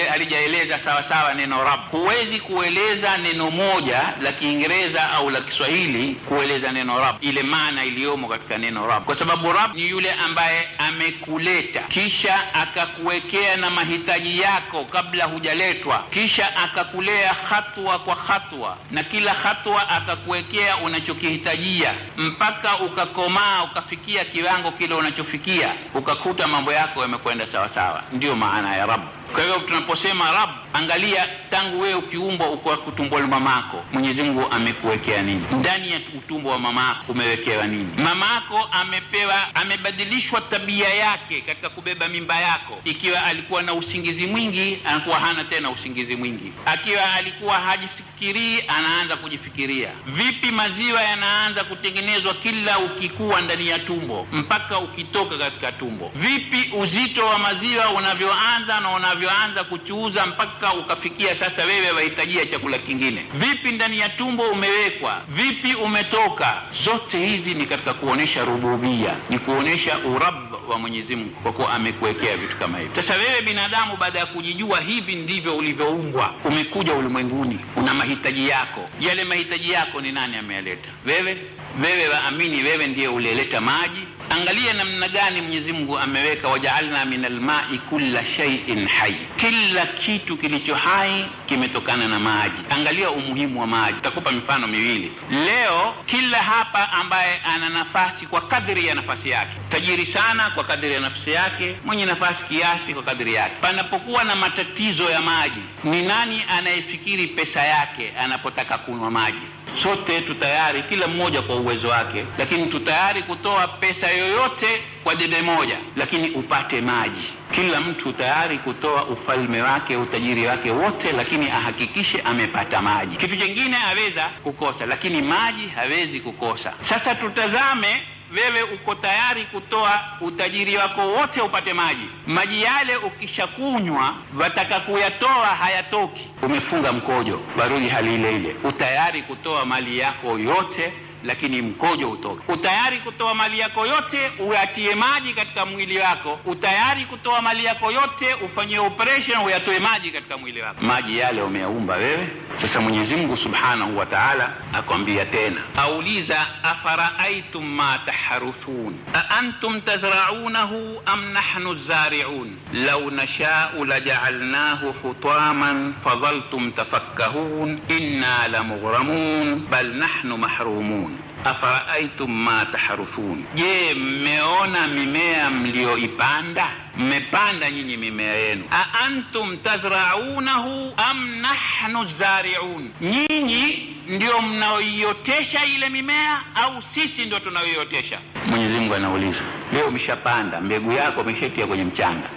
halijaeleza sawa sawa neno rab Huwezi kueleza neno moja la Kiingereza au la Kiswahili kueleza neno rab ile maana iliyomo katika neno rab kwa sababu rab ni yule ambaye amekuleta kisha akakuwekea na mahitaji yako kabla hujaletwa, kisha akakulea hatua kwa hatua, na kila hatua akakuwekea unachokihitajia mpaka ukakomaa ukafikia kiwango kile unachofikia ukakuta mambo yako yamekwenda sawasawa, ndiyo maana ya rabu. Kwa hivyo tunaposema Rab, angalia tangu wewe ukiumbwa uko kutumboni mamako, Mwenyezi Mungu amekuwekea nini? Ndani ya utumbo wa mamako umewekewa nini? Mamako amepewa, amebadilishwa tabia yake katika kubeba mimba yako. Ikiwa alikuwa na usingizi mwingi, anakuwa hana tena usingizi mwingi. Akiwa alikuwa hajifikirii, anaanza kujifikiria. Vipi maziwa yanaanza kutengenezwa kila ukikuwa ndani ya tumbo mpaka ukitoka katika tumbo? Vipi uzito wa maziwa unavyoanza na una unavyoanza kuchuuza mpaka ukafikia sasa wewe wahitajia chakula kingine, vipi ndani ya tumbo umewekwa, vipi umetoka. Zote hizi ni katika kuonesha rububia, ni kuonesha urab wa Mwenyezi Mungu kwa kuwa amekuwekea vitu kama hivi. Sasa wewe binadamu, baada ya kujijua hivi ndivyo ulivyoumbwa, umekuja ulimwenguni, una mahitaji yako. Yale mahitaji yako ni nani ameyaleta? Wewe wewe waamini, wewe ndiye ulieleta maji. Angalia namna gani Mwenyezi Mungu ameweka, wajaalna min almai kulla shay'in hai, kila kitu kilicho hai kimetokana na maji. Angalia umuhimu wa maji. Takupa mifano miwili leo. Kila hapa ambaye ana nafasi kwa kadiri ya nafasi yake, tajiri sana kwa kadiri ya nafasi yake, mwenye nafasi kiasi kwa kadhiri yake, panapokuwa na matatizo ya maji, ni nani anayefikiri pesa yake anapotaka kunywa maji? Sote tutayari, kila mmoja kwa uwezo wake, lakini tutayari kutoa pesa yoyote kwa debe moja, lakini upate maji. Kila mtu tayari kutoa ufalme wake, utajiri wake wote, lakini ahakikishe amepata maji. Kitu kingine aweza kukosa, lakini maji hawezi kukosa. Sasa tutazame wewe uko tayari kutoa utajiri wako wote upate maji. Maji yale ukishakunywa, wataka kuyatoa hayatoki, umefunga mkojo, barudi hali ile ile, utayari kutoa mali yako yote lakini mkojo utoke. Utayari kutoa mali yako yote uyatie maji katika mwili wako, utayari kutoa mali yako yote ufanyie operation uyatoe maji katika mwili wako. Maji yale umeyaumba wewe. Sasa Mwenyezi Mungu Subhanahu wa Ta'ala akwambia tena, auliza afara'aytum ma taharuthun a antum tazra'unahu am nahnu zariun law nasha'u laja'alnahu hutaman fadhaltum tafakkahun inna lamughramun bal nahnu mahrumun afaraaitum ma taharuthun, je, mmeona mimea mliyoipanda? Mmepanda nyinyi mimea yenu. a antum tazraunahu am nahnu zariun, nyinyi ndio mnaoiotesha ile mimea au sisi ndio tunaoiotesha? Mwenyezi Mungu anauliza. Leo umeshapanda mbegu yako, umeshaitia kwenye mchanga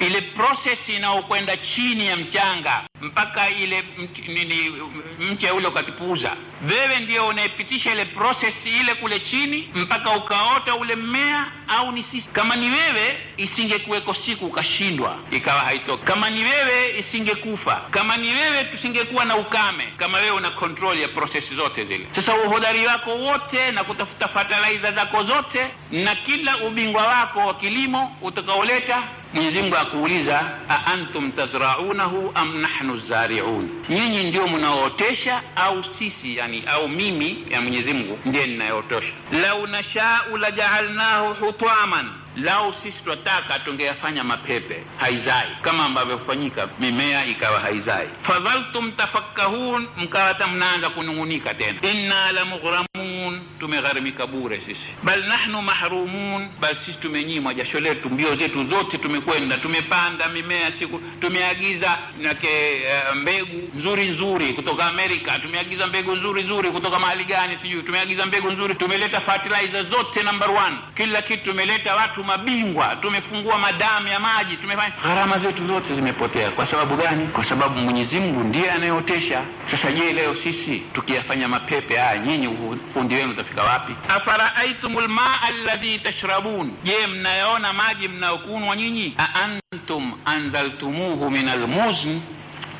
ile prosesi inaokwenda chini ya mchanga mpaka ile nini mche ule ukatipuza Wewe ndio unaepitisha ile prosesi ile kule chini mpaka ukaota ule mmea, au ni sisi? Kama ni wewe, isingekuweko siku ukashindwa ikawa haitoki. Kama ni wewe, isingekufa. Kama ni wewe, tusingekuwa na ukame, kama wewe una control ya prosesi zote zile. Sasa uhodari wako wote na kutafuta fertilizer zako zote na kila ubingwa wako wa kilimo utakaoleta Mwenyezi Mungu akuuliza a antum tazraunahu am nahnu zariun, nyinyi ndio mnaootesha au sisi? Yani au mimi, ya Mwenyezi Mungu ndiye ninayootosha. lau nashau jaalnahu hutaman Lau sisi twataka tungeyafanya mapepe, haizai kama ambavyo kufanyika mimea ikawa haizai. Fadhaltum tafakkahun, mkawata mnaanza kunung'unika tena, inna la mughramun, tumegharimika bure sisi. Bal nahnu mahrumun, bal sisi tumenyimwa jasho letu, mbio zetu zote tumekwenda, tumepanda mimea siku, tumeagiza nake uh, eh, mbegu nzuri nzuri kutoka Amerika, tumeagiza mbegu nzuri nzuri kutoka mahali gani sijui, tumeagiza mbegu nzuri, tumeleta fertilizer zote number one, kila kitu tumeleta watu mabingwa, tumefungua madamu ya maji, tumefanya gharama zetu zote zimepotea. Kwa sababu gani? Kwa sababu Mwenyezi Mungu ndiye anayeotesha. Sasa je, leo sisi tukiyafanya mapepe haya, nyinyi ufundi wenu utafika wapi? afaraaitum lmaa alladhi tashrabun, je, mnayaona maji mnayokunwa nyinyi? aantum anzaltumuhu min almuzn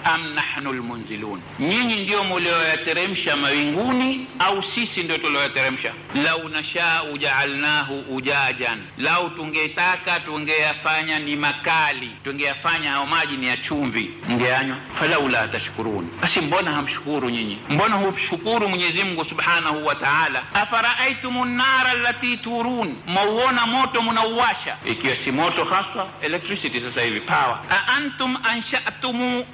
am nahnu lmunzilun, nyinyi ndio mulioyateremsha mawinguni au sisi ndio tulioyateremsha? Lau nashau jaalnahu ujajan, lau tungetaka tungeyafanya ni makali, tungeyafanya hayo maji ni ya chumvi, mngeanywa. Falaula tashkurun, basi mbona hamshukuru nyinyi? Mbona humshukuru Mwenyezi Mungu subhanahu wa taala? Afaraaitum nara allati turun, mwauona moto munauwasha, ikiwa si moto haswa electricity, sasa hivi power. Aantum anshatum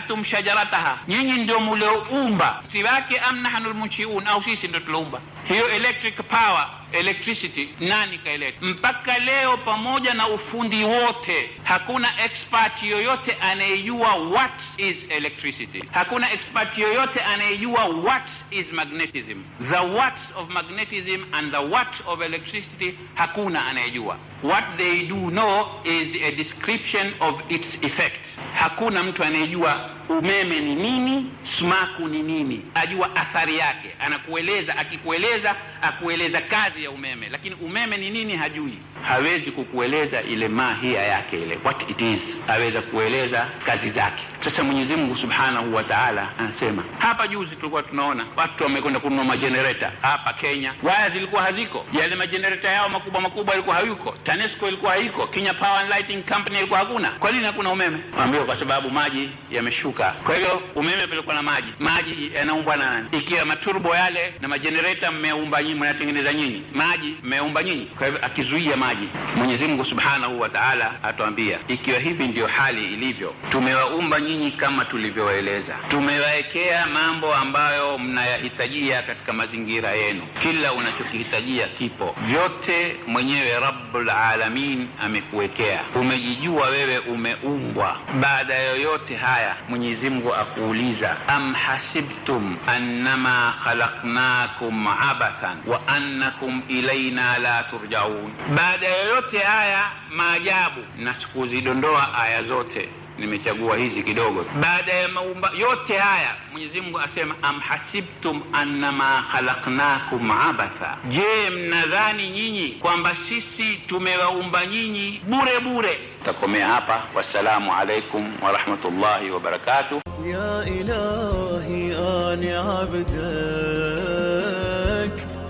antum shajarataha, nyinyi ndio mulioumba si wake am nahnu lmunchiun, au sisi ndio tuloumba? hiyo electric power electricity nani kaileta? Mpaka leo pamoja na ufundi wote, hakuna expert yoyote anayejua what is electricity. Hakuna expert yoyote anayejua what is magnetism, the what of magnetism and the what of electricity, hakuna anayejua. What they do know is a description of its effect. Hakuna mtu anayejua umeme ni nini, smaku ni nini, ajua athari yake, anakueleza. Akikueleza akueleza kazi ya umeme, lakini umeme ni nini hajui, hawezi kukueleza ile mahia yake, ile what it is, aweza kueleza kazi zake. Sasa Mwenyezi Mungu Subhanahu wa Ta'ala anasema hapa. Juzi tulikuwa tunaona watu wamekwenda kununua majenereta hapa Kenya, waya zilikuwa haziko, yale majenereta yao makubwa makubwa yalikuwa hayuko, TANESCO ilikuwa haiko, Kenya Power and Lighting Company ilikuwa hakuna. Kwa nini hakuna umeme? kwa sababu maji yameshuka kuzunguka. Kwa hivyo umeme pelekwa na maji, maji yanaumbwa na nani? Ikiwa maturbo yale na majenereta mmeumba nyinyi, mnatengeneza nyinyi, maji mmeumba nyinyi. Kwa hivyo akizuia maji, Mwenyezi Mungu Subhanahu wa Ta'ala atuambia, ikiwa hivi ndiyo hali ilivyo, tumewaumba nyinyi kama tulivyowaeleza, tumewawekea mambo ambayo mnayahitajia katika mazingira yenu, kila unachokihitajia kipo, vyote mwenyewe Rabbul Alamin amekuwekea, umejijua wewe, umeumbwa baada ya yoyote haya mwenye Mwenyezi Mungu akuuliza, am hasibtum annama khalaqnakum abathan wa annakum ilaina la turjaun. Baada ya yote haya maajabu, na sikuzidondoa aya zote nimechagua hizi kidogo. Baada ya maumba yote haya, Mwenyezi Mungu asema amhasibtum annama khalaqnakum abatha, je, mnadhani nyinyi kwamba sisi tumewaumba nyinyi bure bure? Takomea hapa, wassalamu alaikum warahmatullahi wabarakatuh. ya ilahi ani abdak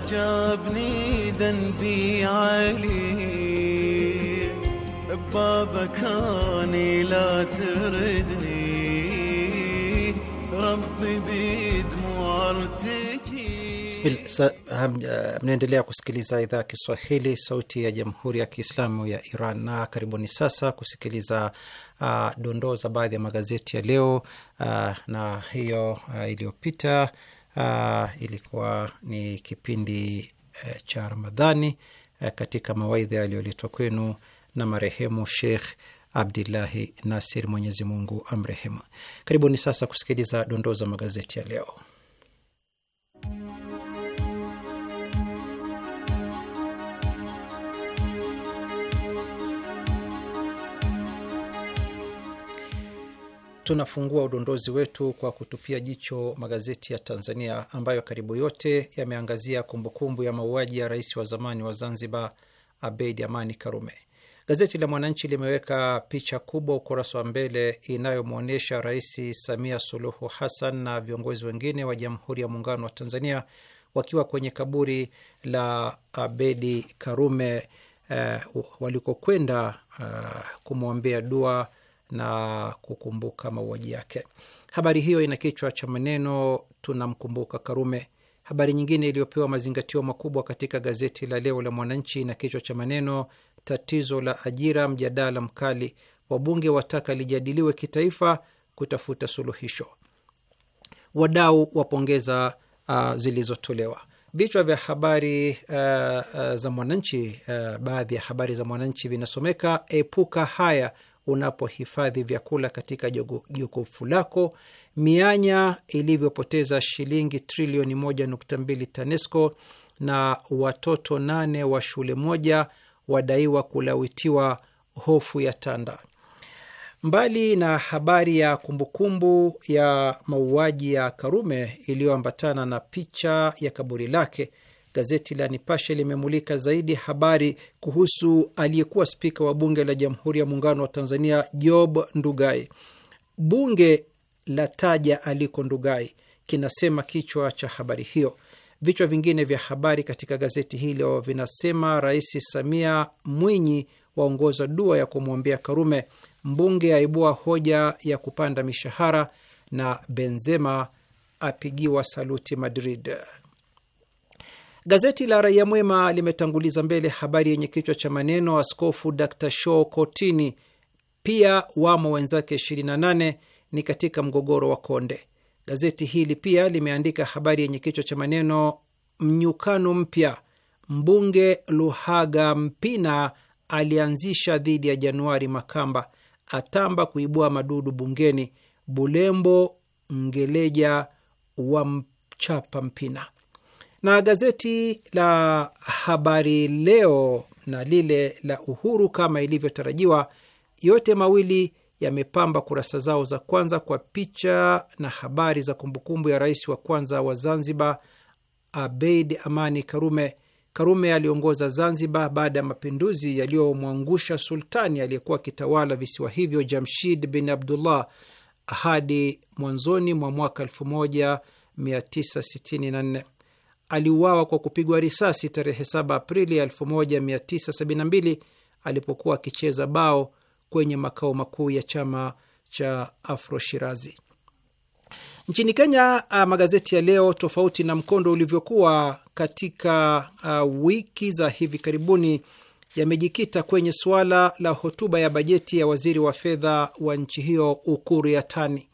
jabni dhanbi alayk بابكاني لا تردني ربي بدموع Mnaendelea kusikiliza idhaa ya Kiswahili, sauti ya jamhuri ya kiislamu ya Iran. Na karibuni sasa kusikiliza uh, dondoo za baadhi ya magazeti ya leo uh, na hiyo uh, iliyopita uh, ilikuwa ni kipindi uh, cha Ramadhani uh, katika mawaidha yaliyoletwa kwenu na marehemu Sheikh Abdillahi Nasir, Mwenyezi Mungu amrehemu. Karibuni sasa kusikiliza dondoo za magazeti ya leo. Tunafungua udondozi wetu kwa kutupia jicho magazeti ya Tanzania ambayo karibu yote yameangazia kumbukumbu ya mauaji ya rais wa zamani wa Zanzibar Abeid Amani Karume. Gazeti la Mwananchi limeweka picha kubwa ukurasa wa mbele inayomwonyesha Rais Samia Suluhu Hassan na viongozi wengine wa Jamhuri ya Muungano wa Tanzania wakiwa kwenye kaburi la Abedi Karume eh, walikokwenda eh, kumwombea dua na kukumbuka mauaji yake. Habari hiyo ina kichwa cha maneno tunamkumbuka Karume. Habari nyingine iliyopewa mazingatio makubwa katika gazeti la leo la Mwananchi ina kichwa cha maneno tatizo la ajira mjadala mkali. Wabunge wataka lijadiliwe kitaifa kutafuta suluhisho. Wadau wapongeza uh, zilizotolewa. Vichwa vya habari uh, uh, za Mwananchi, uh, baadhi ya habari za Mwananchi vinasomeka: epuka haya unapohifadhi vyakula katika jokofu lako, mianya ilivyopoteza shilingi trilioni 1.2 TANESCO, na watoto nane wa shule moja wadaiwa kulawitiwa hofu ya tanda. Mbali na habari ya kumbukumbu ya mauaji ya Karume iliyoambatana na picha ya kaburi lake, gazeti la Nipashe limemulika zaidi habari kuhusu aliyekuwa spika wa bunge la Jamhuri ya Muungano wa Tanzania, Job Ndugai. Bunge la taja aliko Ndugai, kinasema kichwa cha habari hiyo. Vichwa vingine vya habari katika gazeti hilo vinasema: Rais Samia Mwinyi waongoza dua ya kumwombea Karume, mbunge aibua hoja ya kupanda mishahara, na Benzema apigiwa saluti Madrid. Gazeti la Raia Mwema limetanguliza mbele habari yenye kichwa cha maneno Askofu Dr Shaw kotini, pia wamo wenzake 28 ni katika mgogoro wa Konde. Gazeti hili pia limeandika habari yenye kichwa cha maneno mnyukano mpya mbunge Luhaga Mpina alianzisha dhidi ya Januari Makamba, atamba kuibua madudu bungeni, Bulembo Ngeleja wa mchapa Mpina. Na gazeti la Habari Leo na lile la Uhuru kama ilivyotarajiwa, yote mawili yamepamba kurasa zao za kwanza kwa picha na habari za kumbukumbu ya rais wa kwanza wa Zanzibar, Abeid Amani Karume. Karume aliongoza Zanzibar baada ya mapinduzi yaliyomwangusha sultani aliyekuwa akitawala visiwa hivyo Jamshid bin Abdullah hadi mwanzoni mwa mwaka 1964. Aliuawa kwa kupigwa risasi tarehe 7 Aprili 1972 alipokuwa akicheza bao kwenye makao makuu ya chama cha Afro Shirazi nchini Kenya. Uh, magazeti ya leo, tofauti na mkondo ulivyokuwa katika uh, wiki za hivi karibuni, yamejikita kwenye suala la hotuba ya bajeti ya waziri wa fedha wa nchi hiyo Ukuru Yatani.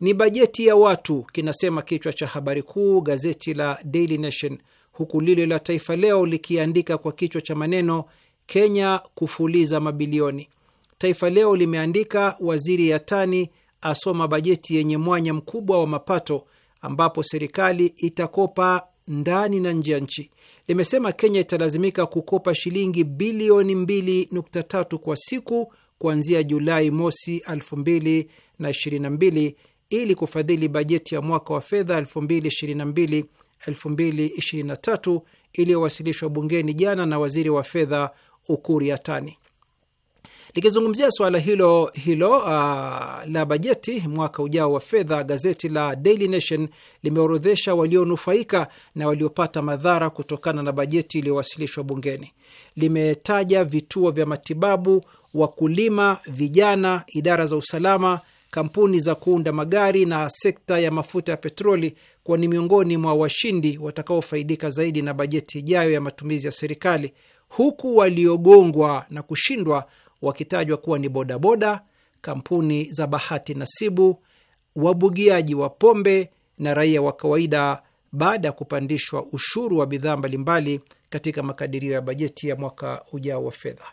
Ni bajeti ya watu, kinasema kichwa cha habari kuu gazeti la Daily Nation, huku lile la Taifa Leo likiandika kwa kichwa cha maneno Kenya kufuliza mabilioni. Taifa Leo limeandika waziri Yatani asoma bajeti yenye mwanya mkubwa wa mapato ambapo serikali itakopa ndani na nje ya nchi. Limesema Kenya italazimika kukopa shilingi bilioni 2.3 kwa siku kuanzia Julai mosi 2022 ili kufadhili bajeti ya mwaka wa fedha 2022 2023 iliyowasilishwa bungeni jana na waziri wa fedha Ukur Yatani. Likizungumzia suala hilo hilo uh, la bajeti mwaka ujao wa fedha, gazeti la Daily Nation limeorodhesha walionufaika na waliopata madhara kutokana na bajeti iliyowasilishwa bungeni. Limetaja vituo vya matibabu, wakulima, vijana, idara za usalama, kampuni za kuunda magari na sekta ya mafuta ya petroli kuwa ni miongoni mwa washindi watakaofaidika zaidi na bajeti ijayo ya matumizi ya serikali, huku waliogongwa na kushindwa wakitajwa kuwa ni bodaboda, kampuni za bahati nasibu, wabugiaji wa pombe na raia wa kawaida baada ya kupandishwa ushuru wa bidhaa mbalimbali katika makadirio ya bajeti ya mwaka ujao wa fedha.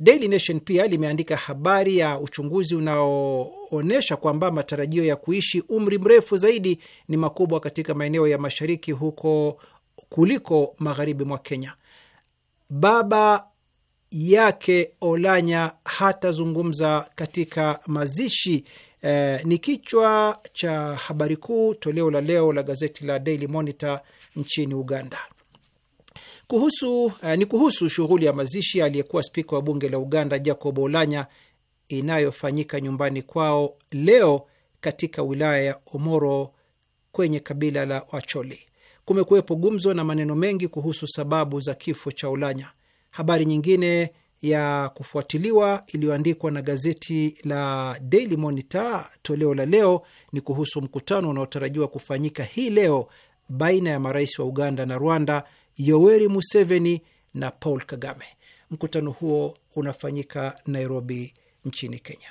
Daily Nation pia limeandika habari ya uchunguzi unaoonyesha kwamba matarajio ya kuishi umri mrefu zaidi ni makubwa katika maeneo ya mashariki huko kuliko magharibi mwa Kenya. Baba yake Olanya hatazungumza katika mazishi E, ni kichwa cha habari kuu toleo la leo la gazeti la Daily Monitor nchini Uganda. Kuhusu, e, ni kuhusu shughuli ya mazishi aliyekuwa spika wa bunge la Uganda Jacob Olanya inayofanyika nyumbani kwao leo katika wilaya ya Omoro kwenye kabila la Wacholi. Kumekuwepo gumzo na maneno mengi kuhusu sababu za kifo cha Olanya. Habari nyingine ya kufuatiliwa iliyoandikwa na gazeti la Daily Monitor toleo la leo ni kuhusu mkutano unaotarajiwa kufanyika hii leo baina ya marais wa Uganda na Rwanda, Yoweri Museveni na Paul Kagame. Mkutano huo unafanyika Nairobi nchini Kenya.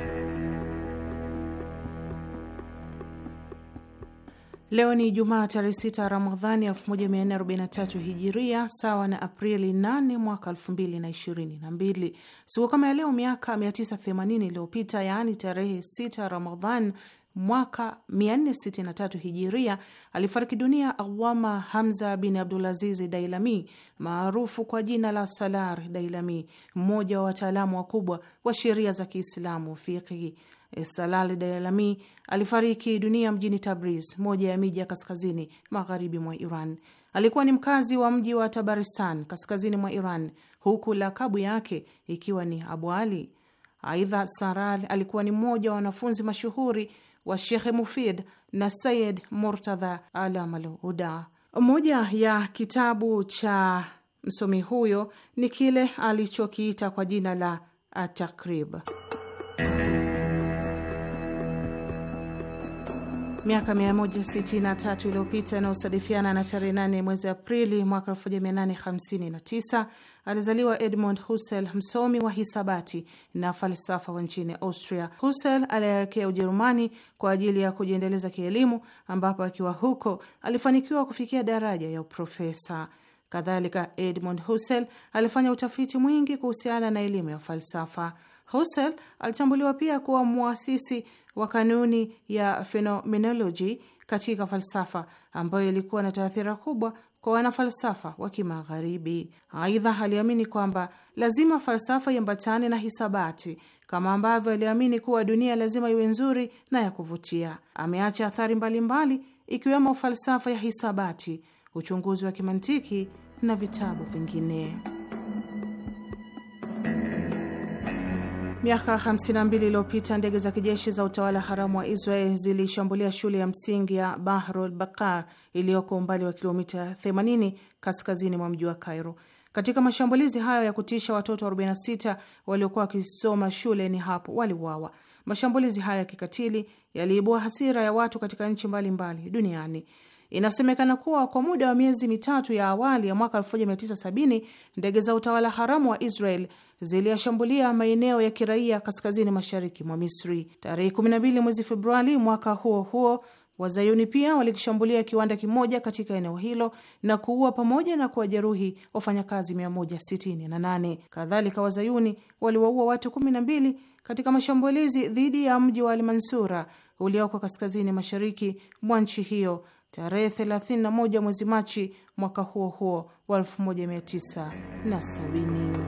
Leo ni jumaa tarehe 6 Ramadhani 1443 Hijiria, sawa na Aprili 8 mwaka 2022. Siku kama ya leo miaka 980 iliyopita, yaani tarehe sita Ramadhan mwaka 463 Hijiria, alifariki dunia awama Hamza bin Abdulaziz Dailami maarufu kwa jina la Salar Dailami, mmoja wa wataalamu wakubwa wa sheria za Kiislamu, fiqhi Salal daylami alifariki dunia mjini Tabriz, moja ya miji ya kaskazini magharibi mwa Iran. Alikuwa ni mkazi wa mji wa Tabaristan kaskazini mwa Iran, huku lakabu yake ikiwa ni Abu Ali. Aidha, Saral alikuwa ni mmoja wa wanafunzi mashuhuri wa Shekhe Mufid na Sayid Murtadha Alamal Huda. Moja ya kitabu cha msomi huyo ni kile alichokiita kwa jina la Atakrib. miaka 163 iliyopita inayosadifiana na tarehe 8 mwezi Aprili mwaka 1859 alizaliwa Edmund Husserl, msomi wa hisabati na falsafa wa nchini Austria. Husserl alielekea Ujerumani kwa ajili ya kujiendeleza kielimu, ambapo akiwa huko alifanikiwa kufikia daraja ya uprofesa. Kadhalika, Edmund Husserl alifanya utafiti mwingi kuhusiana na elimu ya falsafa. Husserl alitambuliwa pia kuwa mwasisi wa kanuni ya fenomenoloji katika falsafa ambayo ilikuwa na taathira kubwa kwa wanafalsafa wa Kimagharibi. Aidha, aliamini kwamba lazima falsafa iambatane na hisabati kama ambavyo aliamini kuwa dunia lazima iwe nzuri na ya kuvutia. Ameacha athari mbalimbali ikiwemo falsafa ya hisabati, uchunguzi wa kimantiki na vitabu vingine. Miaka 52 iliyopita ndege za kijeshi za utawala haramu wa Israel zilishambulia shule ya msingi ya Bahrul Bakar iliyoko umbali wa kilomita 80 kaskazini mwa mji wa Cairo. Katika mashambulizi hayo ya kutisha, watoto 46 waliokuwa wakisoma shuleni hapo waliuawa. Mashambulizi hayo ya kikatili yaliibua hasira ya watu katika nchi mbalimbali duniani. Inasemekana kuwa kwa muda wa miezi mitatu ya awali ya mwaka 1970 ndege za utawala haramu wa Israel ziliyashambulia maeneo ya kiraia kaskazini mashariki mwa Misri. Tarehe 12 mwezi Februari mwaka huo huo, Wazayuni pia walikishambulia kiwanda kimoja katika eneo hilo na kuua pamoja na kuwajeruhi wafanyakazi 168. Kadhalika, Wazayuni waliwaua watu 12 katika mashambulizi dhidi ya mji wa Almansura ulioko kaskazini mashariki mwa nchi hiyo tarehe 31 mwezi Machi mwaka huo huo wa 1970.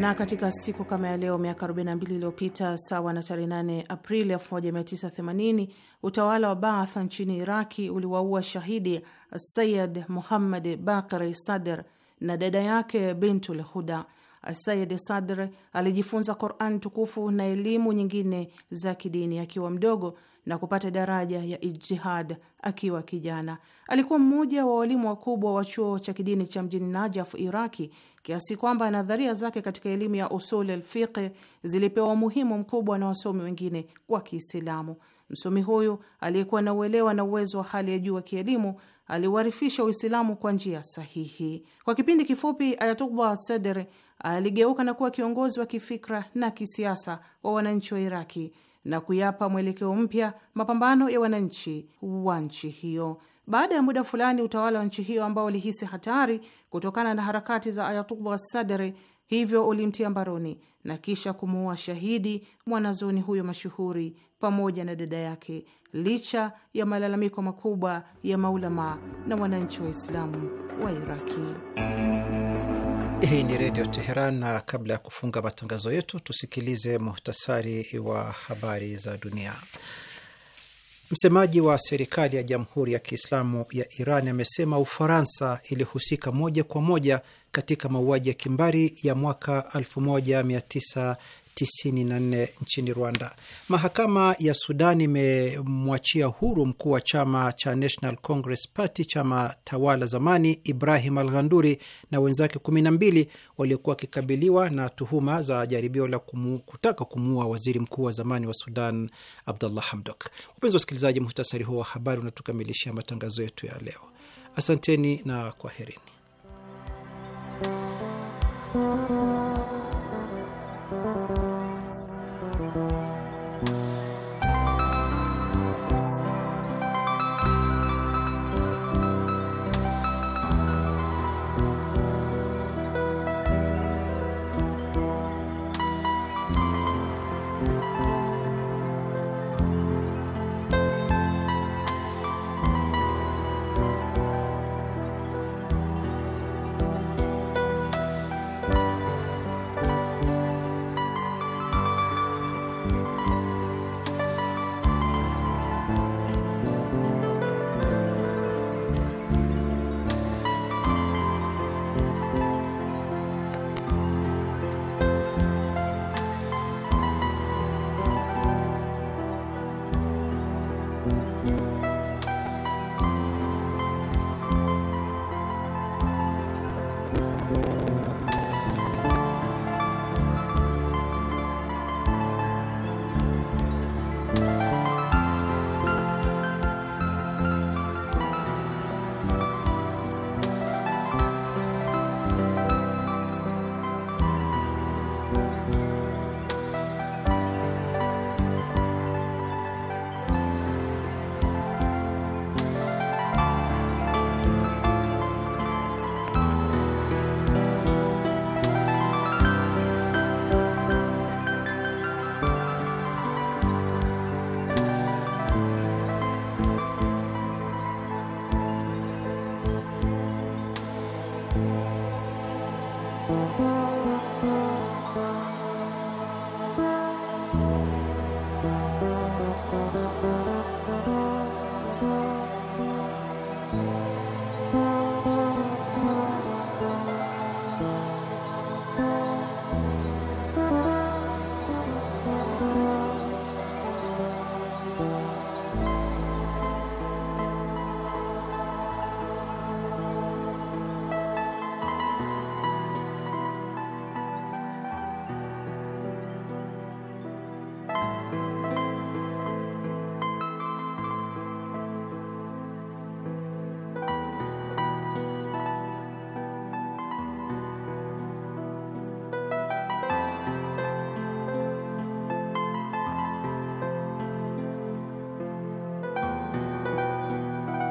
Na katika siku kama ya leo miaka 42 iliyopita, sawa na tarehe 8 Aprili 1980, utawala wa Baath nchini Iraki uliwaua shahidi Sayid Muhammad Bakri Sadr na dada yake Bintul Huda. Sayid Sadr alijifunza Quran tukufu na elimu nyingine za kidini akiwa mdogo na kupata daraja ya ijtihad akiwa kijana. Alikuwa mmoja wa walimu wakubwa wa chuo cha kidini cha mjini Najaf, Iraki, kiasi kwamba nadharia zake katika elimu ya usul alfiqi zilipewa umuhimu mkubwa na wasomi wengine wa Kiislamu. Msomi huyu aliyekuwa na uelewa na uwezo wa hali ya juu wa kielimu aliwarifisha Uislamu kwa njia sahihi. Kwa kipindi kifupi, Ayatullah Sadr aligeuka na kuwa kiongozi wa kifikra na kisiasa wa wananchi wa Iraki na kuyapa mwelekeo mpya mapambano ya wananchi wa nchi hiyo. Baada ya muda fulani, utawala wa nchi hiyo ambao ulihisi hatari kutokana na harakati za Ayatullah Sadri, hivyo ulimtia mbaroni na kisha kumuua shahidi mwanazoni huyo mashuhuri pamoja na dada yake, licha ya malalamiko makubwa ya maulama na wananchi wa islamu wa Iraki. Hii ni Redio Teheran, na kabla ya kufunga matangazo yetu tusikilize muhtasari wa habari za dunia. Msemaji wa serikali ya Jamhuri ya Kiislamu ya Iran amesema Ufaransa ilihusika moja kwa moja katika mauaji ya kimbari ya mwaka 19 94 nchini Rwanda. Mahakama ya Sudan imemwachia huru mkuu wa chama cha National Congress Party, chama tawala zamani, Ibrahim Al Ghanduri na wenzake 12 waliokuwa wakikabiliwa na tuhuma za jaribio la kumu, kutaka kumuua waziri mkuu wa zamani wa Sudan Abdullah Hamdok. Wapenzi wasikilizaji, muhtasari huo wa habari unatukamilishia matangazo yetu ya leo. Asanteni na kwaherini.